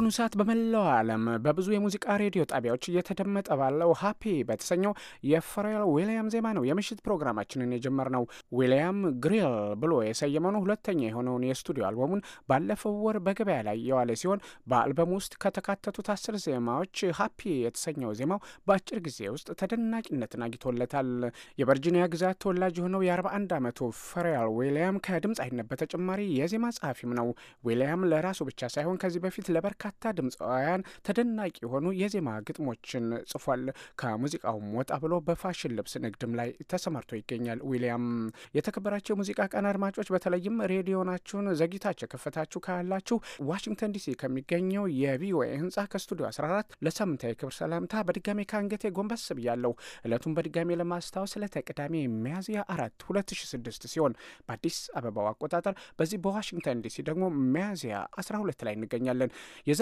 በአሁኑ ሰዓት በመላው ዓለም በብዙ የሙዚቃ ሬዲዮ ጣቢያዎች እየተደመጠ ባለው ሀፒ በተሰኘው የፈሬል ዊልያም ዜማ ነው የምሽት ፕሮግራማችንን የጀመርነው። ዊልያም ግሪል ብሎ የሰየመውን ሁለተኛ የሆነውን የስቱዲዮ አልበሙን ባለፈው ወር በገበያ ላይ የዋለ ሲሆን በአልበሙ ውስጥ ከተካተቱት አስር ዜማዎች ሀፒ የተሰኘው ዜማው በአጭር ጊዜ ውስጥ ተደናቂነትን አግኝቶለታል። የቨርጂኒያ ግዛት ተወላጅ የሆነው የ41 ዓመቱ ፈሬል ዊልያም ከድምጻዊነት በተጨማሪ የዜማ ጸሐፊም ነው። ዊልያም ለራሱ ብቻ ሳይሆን ከዚህ በፊት ለበርካታ በርካታ ድምፃውያን ተደናቂ የሆኑ የዜማ ግጥሞችን ጽፏል። ከሙዚቃውም ወጣ ብሎ በፋሽን ልብስ ንግድም ላይ ተሰማርቶ ይገኛል። ዊሊያም የተከበራቸው የሙዚቃ ቀን አድማጮች፣ በተለይም ሬዲዮናችሁን ዘግይታችሁ የከፈታችሁ ካላችሁ ዋሽንግተን ዲሲ ከሚገኘው የቪኦኤ ህንጻ ከስቱዲዮ 14 ለሳምንታዊ ክብር ሰላምታ በድጋሜ ከአንገቴ ጎንበስ ብያለሁ። እለቱን በድጋሜ ለማስታወስ ዕለተ ቅዳሜ ሚያዝያ አራት 2006 ሲሆን በአዲስ አበባው አቆጣጠር በዚህ በዋሽንግተን ዲሲ ደግሞ ሚያዝያ 12 ላይ እንገኛለን።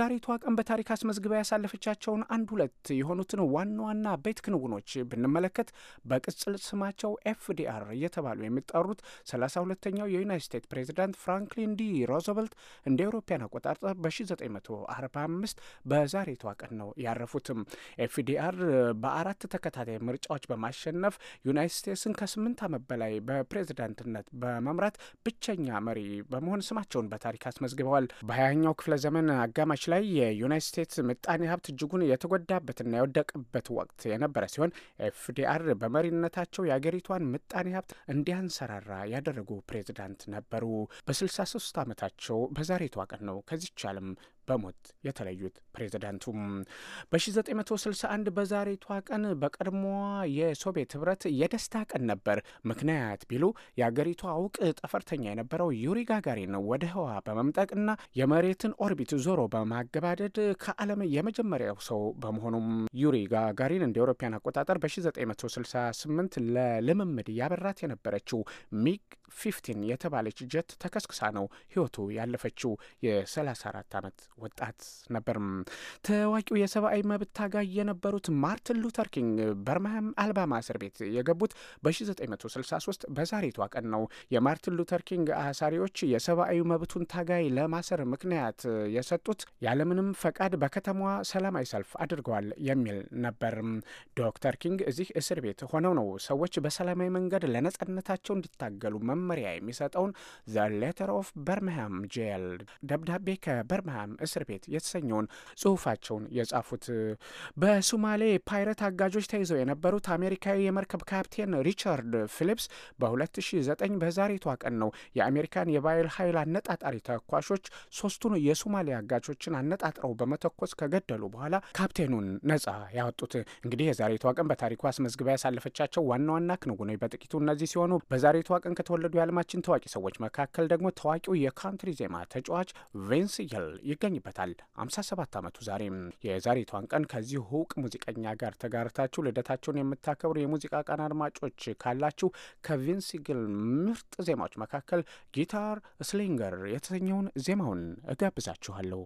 በዛሬቷ ቀን በታሪክ አስመዝግባ ያሳለፈቻቸውን አንድ ሁለት የሆኑትን ዋና ዋና ቤት ክንውኖች ብንመለከት በቅጽል ስማቸው ኤፍዲአር እየተባሉ የሚጠሩት 32ኛው የዩናይት ስቴትስ ፕሬዚዳንት ፍራንክሊን ዲ ሮዘቨልት እንደ አውሮፓውያን አቆጣጠር በ1945 በዛሬቷ ቀን ነው ያረፉትም። ኤፍዲአር በአራት ተከታታይ ምርጫዎች በማሸነፍ ዩናይት ስቴትስን ከስምንት ዓመት በላይ በፕሬዚዳንትነት በመምራት ብቸኛ መሪ በመሆን ስማቸውን በታሪክ አስመዝግበዋል። በሀያኛው ክፍለ ዘመን አጋማሽ ላይ ላይ የዩናይት ስቴትስ ምጣኔ ሀብት እጅጉን የተጎዳበትና የወደቀበት ወቅት የነበረ ሲሆን ኤፍዲአር በመሪነታቸው የአገሪቷን ምጣኔ ሀብት እንዲያንሰራራ ያደረጉ ፕሬዚዳንት ነበሩ። በ63 ዓመታቸው በዛሬ ተዋቀን ነው ከዚች ዓለም በሞት የተለዩት ፕሬዚዳንቱም በ1961 በዛሬቷ ቀን በቀድሞዋ የሶቪየት ህብረት የደስታ ቀን ነበር ምክንያት ቢሉ የአገሪቷ አውቅ ጠፈርተኛ የነበረው ዩሪ ጋጋሪን ወደ ህዋ በመምጠቅና የመሬትን ኦርቢት ዞሮ በማገባደድ ከዓለም የመጀመሪያው ሰው በመሆኑም ዩሪ ጋጋሪን እንደ አውሮፓውያን አቆጣጠር በ1968 ለልምምድ ያበራት የነበረችው ሚግ 15 የተባለች ጀት ተከስክሳ ነው ህይወቱ ያለፈችው የ34 ዓመት ወጣት ነበር። ታዋቂው የሰብአዊ መብት ታጋይ የነበሩት ማርቲን ሉተር ኪንግ በርማሃም አልባማ እስር ቤት የገቡት በ1963 በዛሬቷ ቀን ነው። የማርቲን ሉተር ኪንግ አሳሪዎች የሰብአዊ መብቱን ታጋይ ለማሰር ምክንያት የሰጡት ያለምንም ፈቃድ በከተማዋ ሰላማዊ ሰልፍ አድርገዋል የሚል ነበር። ዶክተር ኪንግ እዚህ እስር ቤት ሆነው ነው ሰዎች በሰላማዊ መንገድ ለነጻነታቸው እንዲታገሉ መመሪያ የሚሰጠውን ዘ ሌተር ኦፍ በርምሃም ጄል ደብዳቤ ከበርምሃም እስር ቤት የተሰኘውን ጽሁፋቸውን የጻፉት በሱማሌ ፓይረት አጋጆች ተይዘው የነበሩት አሜሪካዊ የመርከብ ካፕቴን ሪቻርድ ፊሊፕስ በ2009 በዛሬቷ ቀን ነው የአሜሪካን የባህር ኃይል አነጣጣሪ ተኳሾች ሶስቱን የሱማሌ አጋጆችን አነጣጥረው በመተኮስ ከገደሉ በኋላ ካፕቴኑን ነጻ ያወጡት። እንግዲህ የዛሬቷ ቀን በታሪኩ አስመዝግባ ያሳለፈቻቸው ዋና ዋና ክንውኖች በጥቂቱ እነዚህ ሲሆኑ በዛሬቷ ቀን ከተወለዱ የዓለማችን ታዋቂ ሰዎች መካከል ደግሞ ታዋቂው የካንትሪ ዜማ ተጫዋች ቬንስ ይል ይገኛል። ይገኝበታል። 57 ዓመቱ ዛሬ የዛሬቷን ቀን ከዚህ እውቅ ሙዚቀኛ ጋር ተጋርታችሁ ልደታቸውን የምታከብሩ የሙዚቃ ቀን አድማጮች ካላችሁ ከቪንስ ግል ምርጥ ዜማዎች መካከል ጊታር ስሊንገር የተሰኘውን ዜማውን እጋብዛችኋለሁ።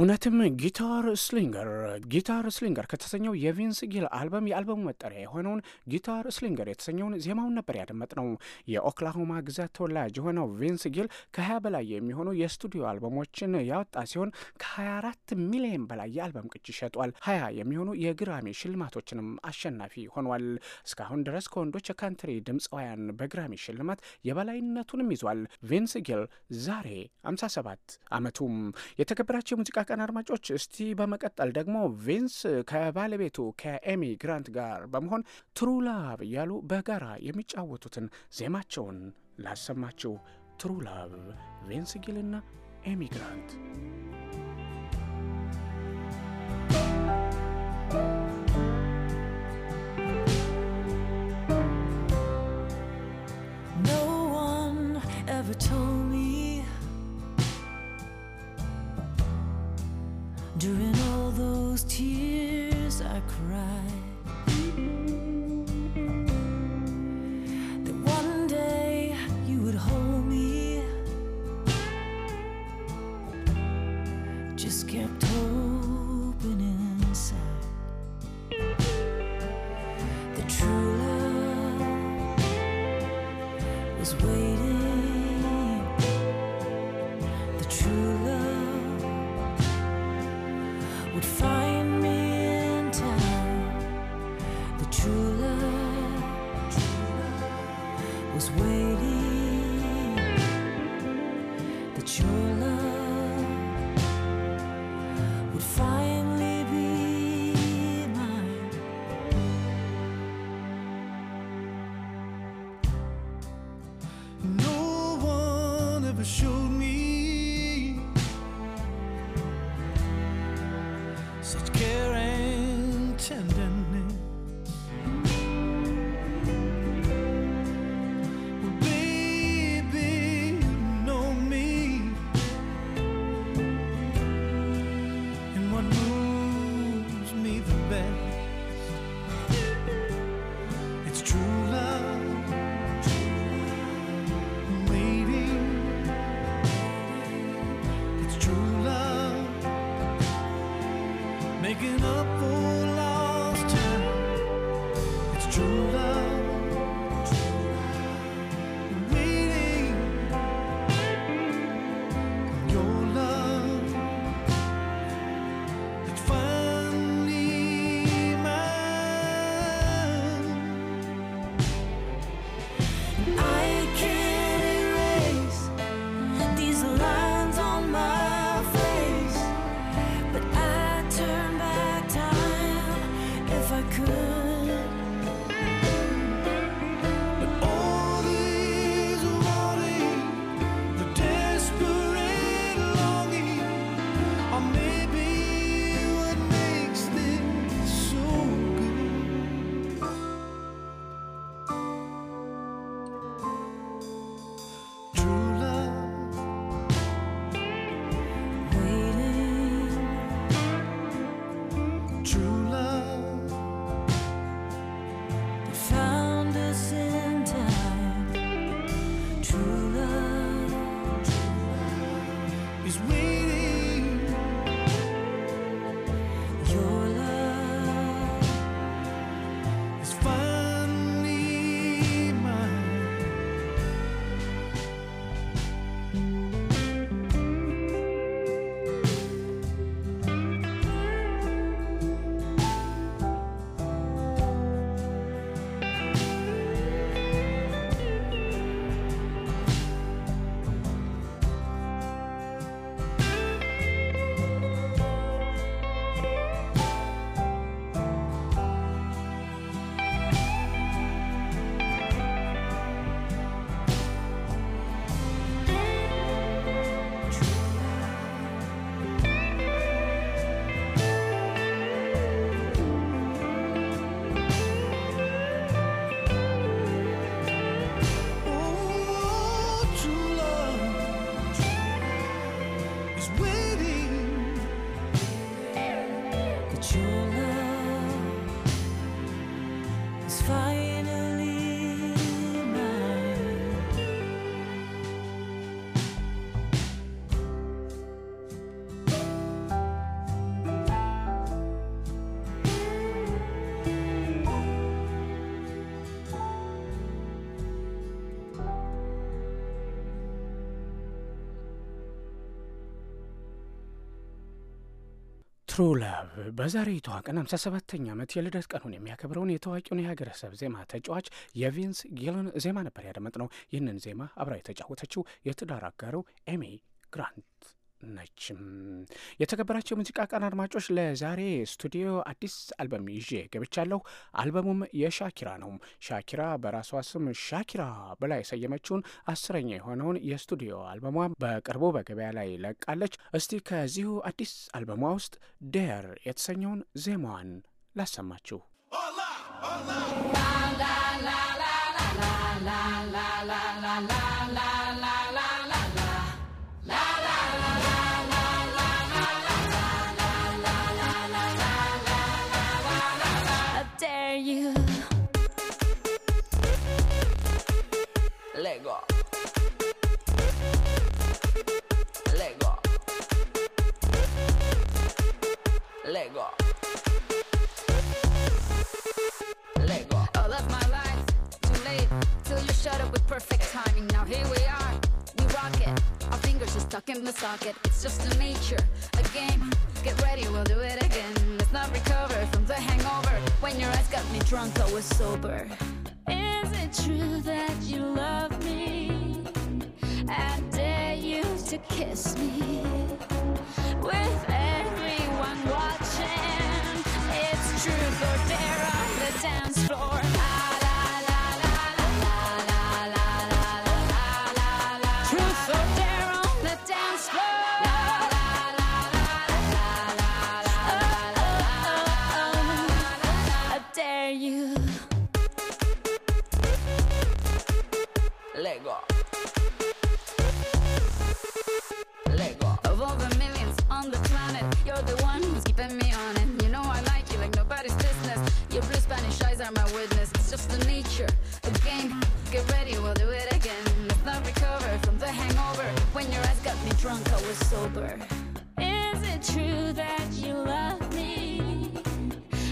እውነትም ጊታር ስሊንገር ጊታር ስሊንገር ከተሰኘው የቪንስ ጊል አልበም የአልበሙ መጠሪያ የሆነውን ጊታር ስሊንገር የተሰኘውን ዜማውን ነበር ያደመጥነው። የኦክላሆማ ግዛት ተወላጅ የሆነው ቪንስ ጊል ከ20 በላይ የሚሆኑ የስቱዲዮ አልበሞችን ያወጣ ሲሆን ከ24 ሚሊዮን በላይ የአልበም ቅጅ ይሸጧል። 20 የሚሆኑ የግራሚ ሽልማቶችንም አሸናፊ ሆኗል። እስካሁን ድረስ ከወንዶች የካንትሪ ድምፃውያን በግራሚ ሽልማት የበላይነቱንም ይዟል። ቪንስ ጊል ዛሬ 57 ዓመቱም የተከበራቸው የሙዚቃ ቀን አድማጮች፣ እስቲ በመቀጠል ደግሞ ቪንስ ከባለቤቱ ከኤሚ ግራንት ጋር በመሆን ላቭ እያሉ በጋራ የሚጫወቱትን ዜማቸውን ላሰማችሁ። ትሩላቭ ቪንስ ጊልና ኤሚ ግራንት ever told me During all those tears I cried ትሩ ላቭ በዛሬይቷ ቀን 57ኛ ዓመት የልደት ቀኑን የሚያከብረውን የታዋቂውን የሀገረሰብ ዜማ ተጫዋች የቪንስ ጊልን ዜማ ነበር ያደመጥነው። ይህንን ዜማ አብራ የተጫወተችው የትዳር አጋሩ ኤሚ ግራንት ነችም። የተከበራቸው የሙዚቃ ቀን አድማጮች፣ ለዛሬ ስቱዲዮ አዲስ አልበም ይዤ ገብቻለሁ። አልበሙም የሻኪራ ነው። ሻኪራ በራሷ ስም ሻኪራ ብላ የሰየመችውን አስረኛ የሆነውን የስቱዲዮ አልበሟ በቅርቡ በገበያ ላይ ለቃለች። እስቲ ከዚሁ አዲስ አልበሟ ውስጥ ደር የተሰኘውን ዜማዋን ላሰማችሁ። la stuck in the socket. It's just a nature, a game. Get ready, we'll do it again. Let's not recover from the hangover. When your eyes got me drunk, I was sober. Is it true that you love me? I dare you to kiss me with everyone. drunk, I was sober. Is it true that you love me?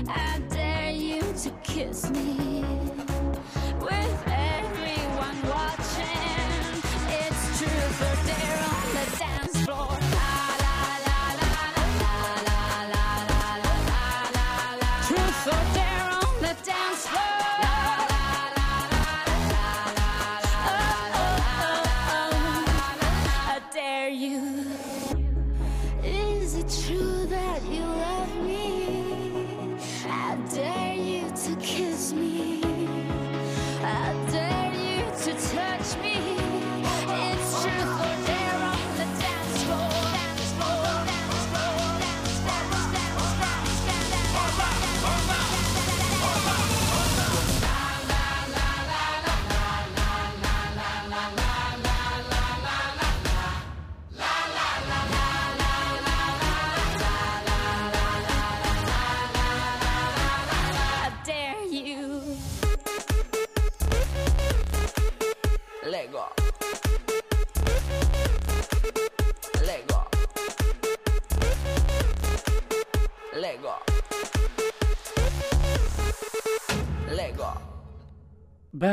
I dare you to kiss me.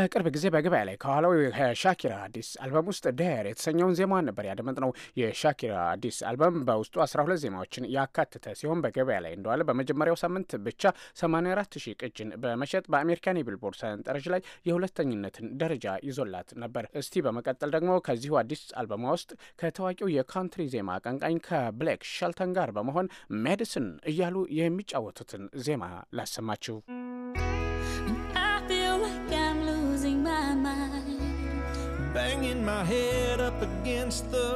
በቅርብ ጊዜ በገበያ ላይ ከኋላው የሻኪራ አዲስ አልበም ውስጥ ደር የተሰኘውን ዜማዋን ነበር ያደመጥነው። የሻኪራ አዲስ አልበም በውስጡ 12 ዜማዎችን ያካተተ ሲሆን በገበያ ላይ እንደዋለ በመጀመሪያው ሳምንት ብቻ 84 ሺህ ቅጅን በመሸጥ በአሜሪካን የቢልቦርድ ሰንጠረዥ ላይ የሁለተኝነትን ደረጃ ይዞላት ነበር። እስቲ በመቀጠል ደግሞ ከዚሁ አዲስ አልበማ ውስጥ ከታዋቂው የካንትሪ ዜማ አቀንቃኝ ከብሌክ ሸልተን ጋር በመሆን ሜዲስን እያሉ የሚጫወቱትን ዜማ ላሰማችሁ። banging my head up against the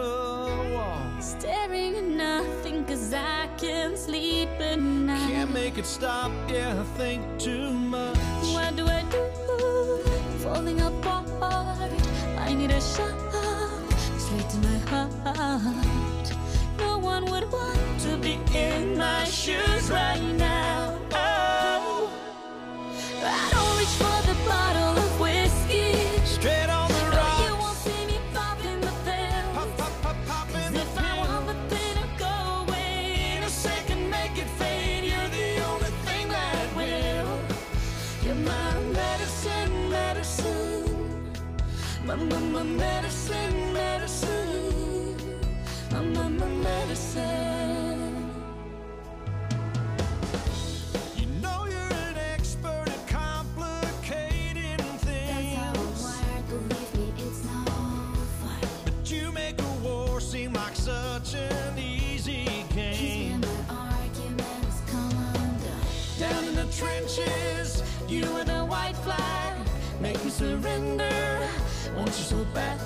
wall. Staring at nothing cause I can't sleep at night. Can't make it stop, yeah, I think too much. What do I do? Falling apart. I need a shot straight to my heart. No one would want to be in my shoes right now. ashes. You were the white flag, make me surrender. Want you so bad.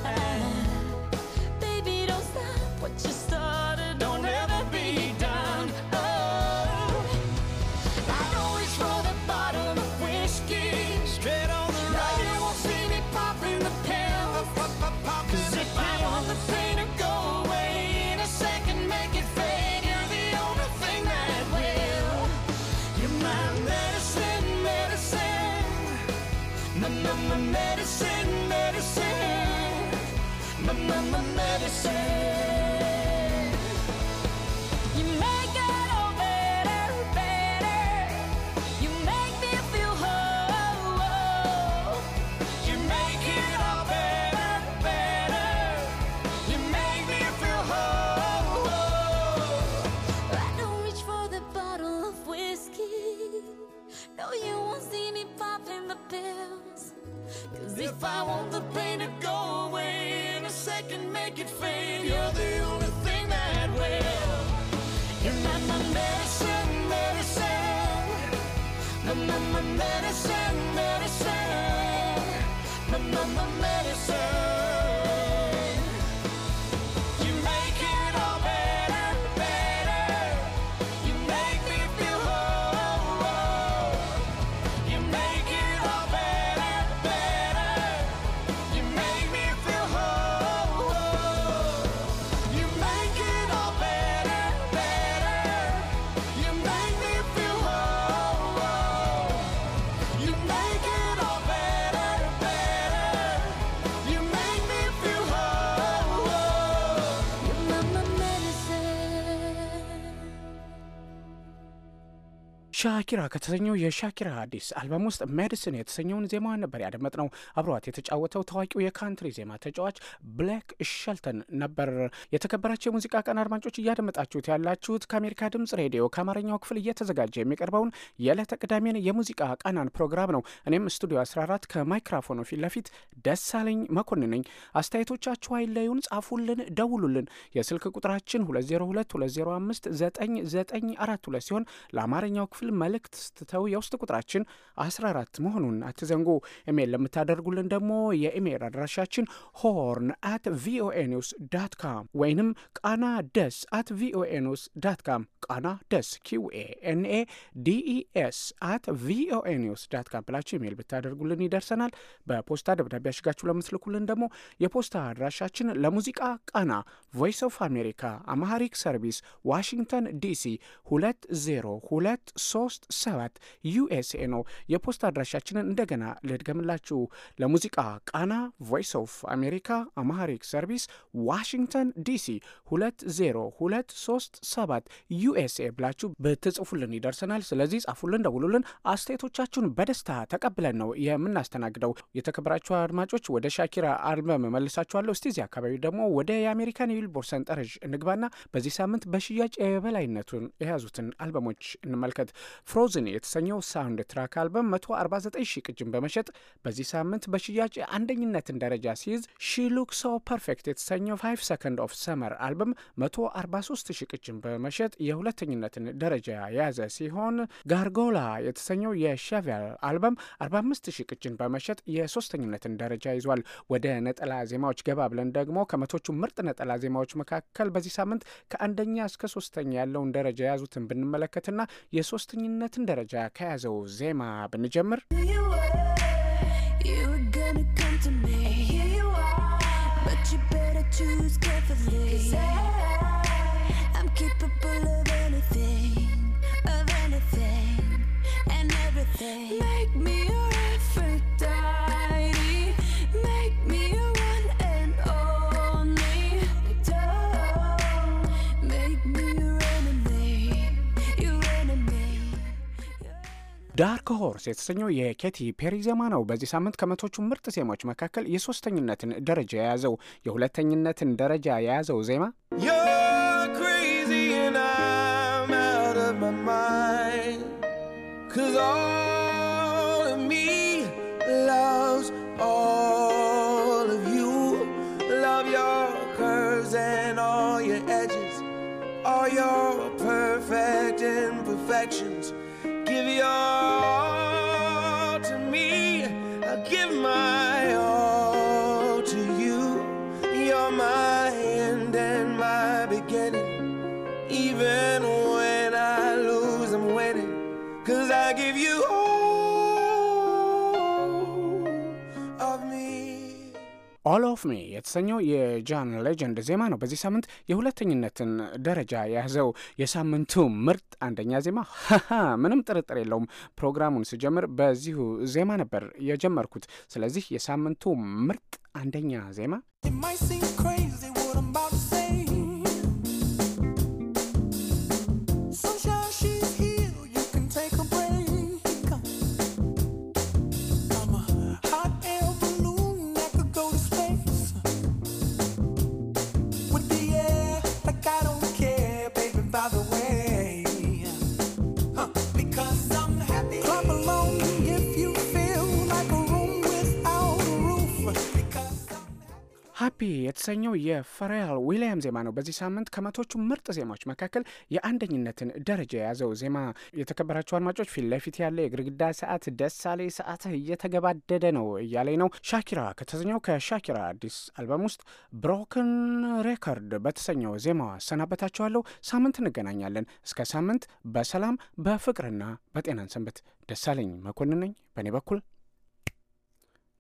ሻኪራ ከተሰኘው የሻኪራ አዲስ አልበም ውስጥ ሜዲሲን የተሰኘውን ዜማዋን ነበር ያደመጥ ነው። አብሯት የተጫወተው ታዋቂው የካንትሪ ዜማ ተጫዋች ብላክ ሸልተን ነበር። የተከበራቸው የሙዚቃ ቀን አድማጮች እያደመጣችሁት ያላችሁት ከአሜሪካ ድምጽ ሬዲዮ ከአማርኛው ክፍል እየተዘጋጀ የሚቀርበውን የዕለተ ቅዳሜን የሙዚቃ ቀናን ፕሮግራም ነው። እኔም ስቱዲዮ 14 ከማይክራፎኑ ፊት ለፊት ደሳለኝ መኮንን ነኝ። አስተያየቶቻችሁ አይለዩን፣ ጻፉልን፣ ደውሉልን። የስልክ ቁጥራችን 2022059942 ሲሆን ለአማርኛው ክፍል መልእክት ስትተው የውስጥ ቁጥራችን 14 መሆኑን አትዘንጉ። ኢሜይል ለምታደርጉልን ደግሞ የኢሜይል አድራሻችን ሆርን አት ቪኦኤ ኒውስ ዳት ካም ወይንም ቃና ደስ አት ቪኦኤ ኒውስ ዳት ካም ቃና ደስ ኪውኤ ኤንኤ ዲኢኤስ አት ቪኦኤ ኒውስ ዳት ካም ብላችሁ ኢሜይል ብታደርጉልን ይደርሰናል። በፖስታ ደብዳቤ ያሽጋችሁ ለምትልኩልን ደግሞ የፖስታ አድራሻችን ለሙዚቃ ቃና ቮይስ ኦፍ አሜሪካ አማሃሪክ ሰርቪስ ዋሽንግተን ዲሲ 202 ሶስት ሰባት ዩኤስኤ ነው። የፖስታ አድራሻችንን እንደገና ልድገምላችሁ። ለሙዚቃ ቃና ቮይስ ኦፍ አሜሪካ አማሃሪክ ሰርቪስ ዋሽንግተን ዲሲ 20237 ዩኤስኤ ብላችሁ ብትጽፉልን ይደርሰናል። ስለዚህ ጻፉልን፣ ደውሉልን። አስተያየቶቻችሁን በደስታ ተቀብለን ነው የምናስተናግደው። የተከበራችሁ አድማጮች ወደ ሻኪራ አልበም መልሳችኋለሁ። እስቲ እዚህ አካባቢ ደግሞ ወደ የአሜሪካን የቢልቦርድ ሰንጠረዥ እንግባና በዚህ ሳምንት በሽያጭ የበላይነቱን የያዙትን አልበሞች እንመልከት። ፍሮዝን የተሰኘው ሳውንድ ትራክ አልበም 149 ሺ ቅጅን በመሸጥ በዚህ ሳምንት በሽያጭ አንደኝነትን ደረጃ ሲይዝ ሺ ሉክ ሶ ፐርፌክት የተሰኘው 5 ሰከንድ ኦፍ ሰመር አልበም 143 ሺ ቅጅን በመሸጥ የሁለተኝነትን ደረጃ የያዘ ሲሆን ጋርጎላ የተሰኘው የሻቬል አልበም 45 ሺ ቅጅን በመሸጥ የሶስተኝነትን ደረጃ ይዟል። ወደ ነጠላ ዜማዎች ገባ ብለን ደግሞ ከመቶቹ ምርጥ ነጠላ ዜማዎች መካከል በዚህ ሳምንት ከአንደኛ እስከ ሶስተኛ ያለውን ደረጃ የያዙትን ብንመለከትና የሶስት የአራተኝነትን ደረጃ ከያዘው ዜማ ብንጀምር ዳርክ ሆርስ የተሰኘው የኬቲ ፔሪ ዜማ ነው። በዚህ ሳምንት ከመቶቹ ምርጥ ዜማዎች መካከል የሶስተኝነትን ደረጃ የያዘው የሁለተኝነትን ደረጃ የያዘው ዜማ ኦል ኦፍ ሚ የተሰኘው የጃን ሌጀንድ ዜማ ነው በዚህ ሳምንት የሁለተኝነትን ደረጃ የያዘው። የሳምንቱ ምርጥ አንደኛ ዜማ ምንም ጥርጥር የለውም ፕሮግራሙን ስጀምር በዚሁ ዜማ ነበር የጀመርኩት። ስለዚህ የሳምንቱ ምርጥ አንደኛ ዜማ ሀፒ የተሰኘው የፈሬል ዊሊያም ዜማ ነው። በዚህ ሳምንት ከመቶቹ ምርጥ ዜማዎች መካከል የአንደኝነትን ደረጃ የያዘው ዜማ። የተከበራቸው አድማጮች፣ ፊት ለፊት ያለ የግድግዳ ሰዓት ደሳሌ ሰዓትህ እየተገባደደ ነው እያለኝ ነው። ሻኪራ ከተሰኘው ከሻኪራ አዲስ አልበም ውስጥ ብሮክን ሬከርድ በተሰኘው ዜማዋ ሰናበታችኋለሁ። ሳምንት እንገናኛለን። እስከ ሳምንት በሰላም በፍቅርና በጤናን ሰንበት። ደሳለኝ መኮንን ነኝ። በእኔ በኩል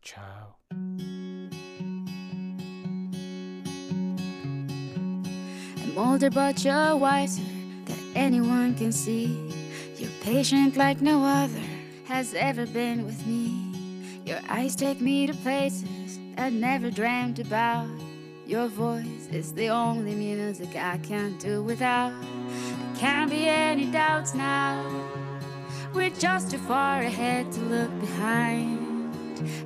ቻው። I'm older but you're wiser than anyone can see You're patient like no other has ever been with me Your eyes take me to places I never dreamt about Your voice is the only music I can't do without There can't be any doubts now We're just too far ahead to look behind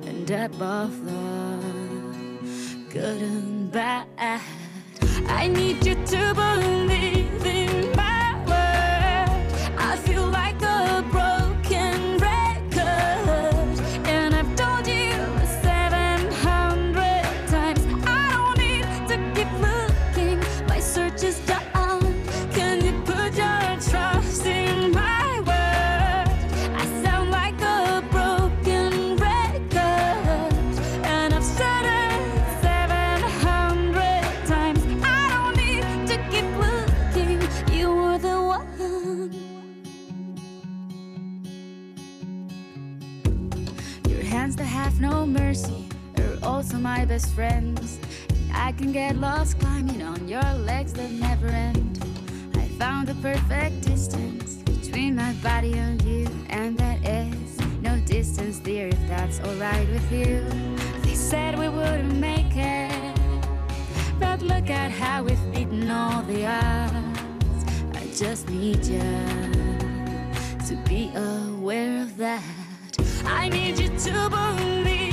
And above the good and bad I need you to believe. my best friends. I can get lost climbing on your legs that never end. I found the perfect distance between my body and you, and that is no distance, dear, if that's alright with you. They said we wouldn't make it, but look at how we've beaten all the odds. I just need you to be aware of that. I need you to believe.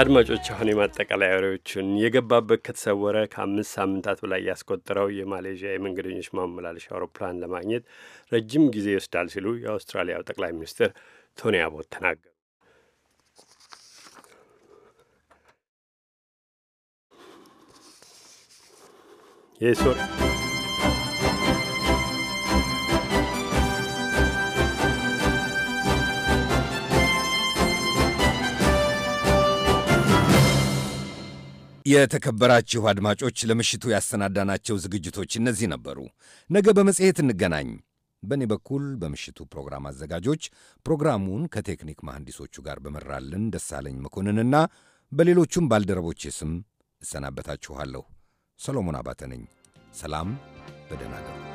አድማጮች አሁን የማጠቃለያ ወሬዎችን የገባበት ከተሰወረ ከአምስት ሳምንታት በላይ ያስቆጠረው የማሌዥያ የመንገደኞች ማመላለሻ አውሮፕላን ለማግኘት ረጅም ጊዜ ይወስዳል ሲሉ የአውስትራሊያው ጠቅላይ ሚኒስትር ቶኒ አቦት ተናገሩ። sir. የተከበራችሁ አድማጮች ለምሽቱ ያሰናዳናቸው ዝግጅቶች እነዚህ ነበሩ። ነገ በመጽሔት እንገናኝ። በእኔ በኩል በምሽቱ ፕሮግራም አዘጋጆች ፕሮግራሙን ከቴክኒክ መሐንዲሶቹ ጋር በመራልን ደሳለኝ መኮንንና በሌሎቹም ባልደረቦቼ ስም እሰናበታችኋለሁ። ሰሎሞን አባተ ነኝ። ሰላም፣ በደህና እደሩ።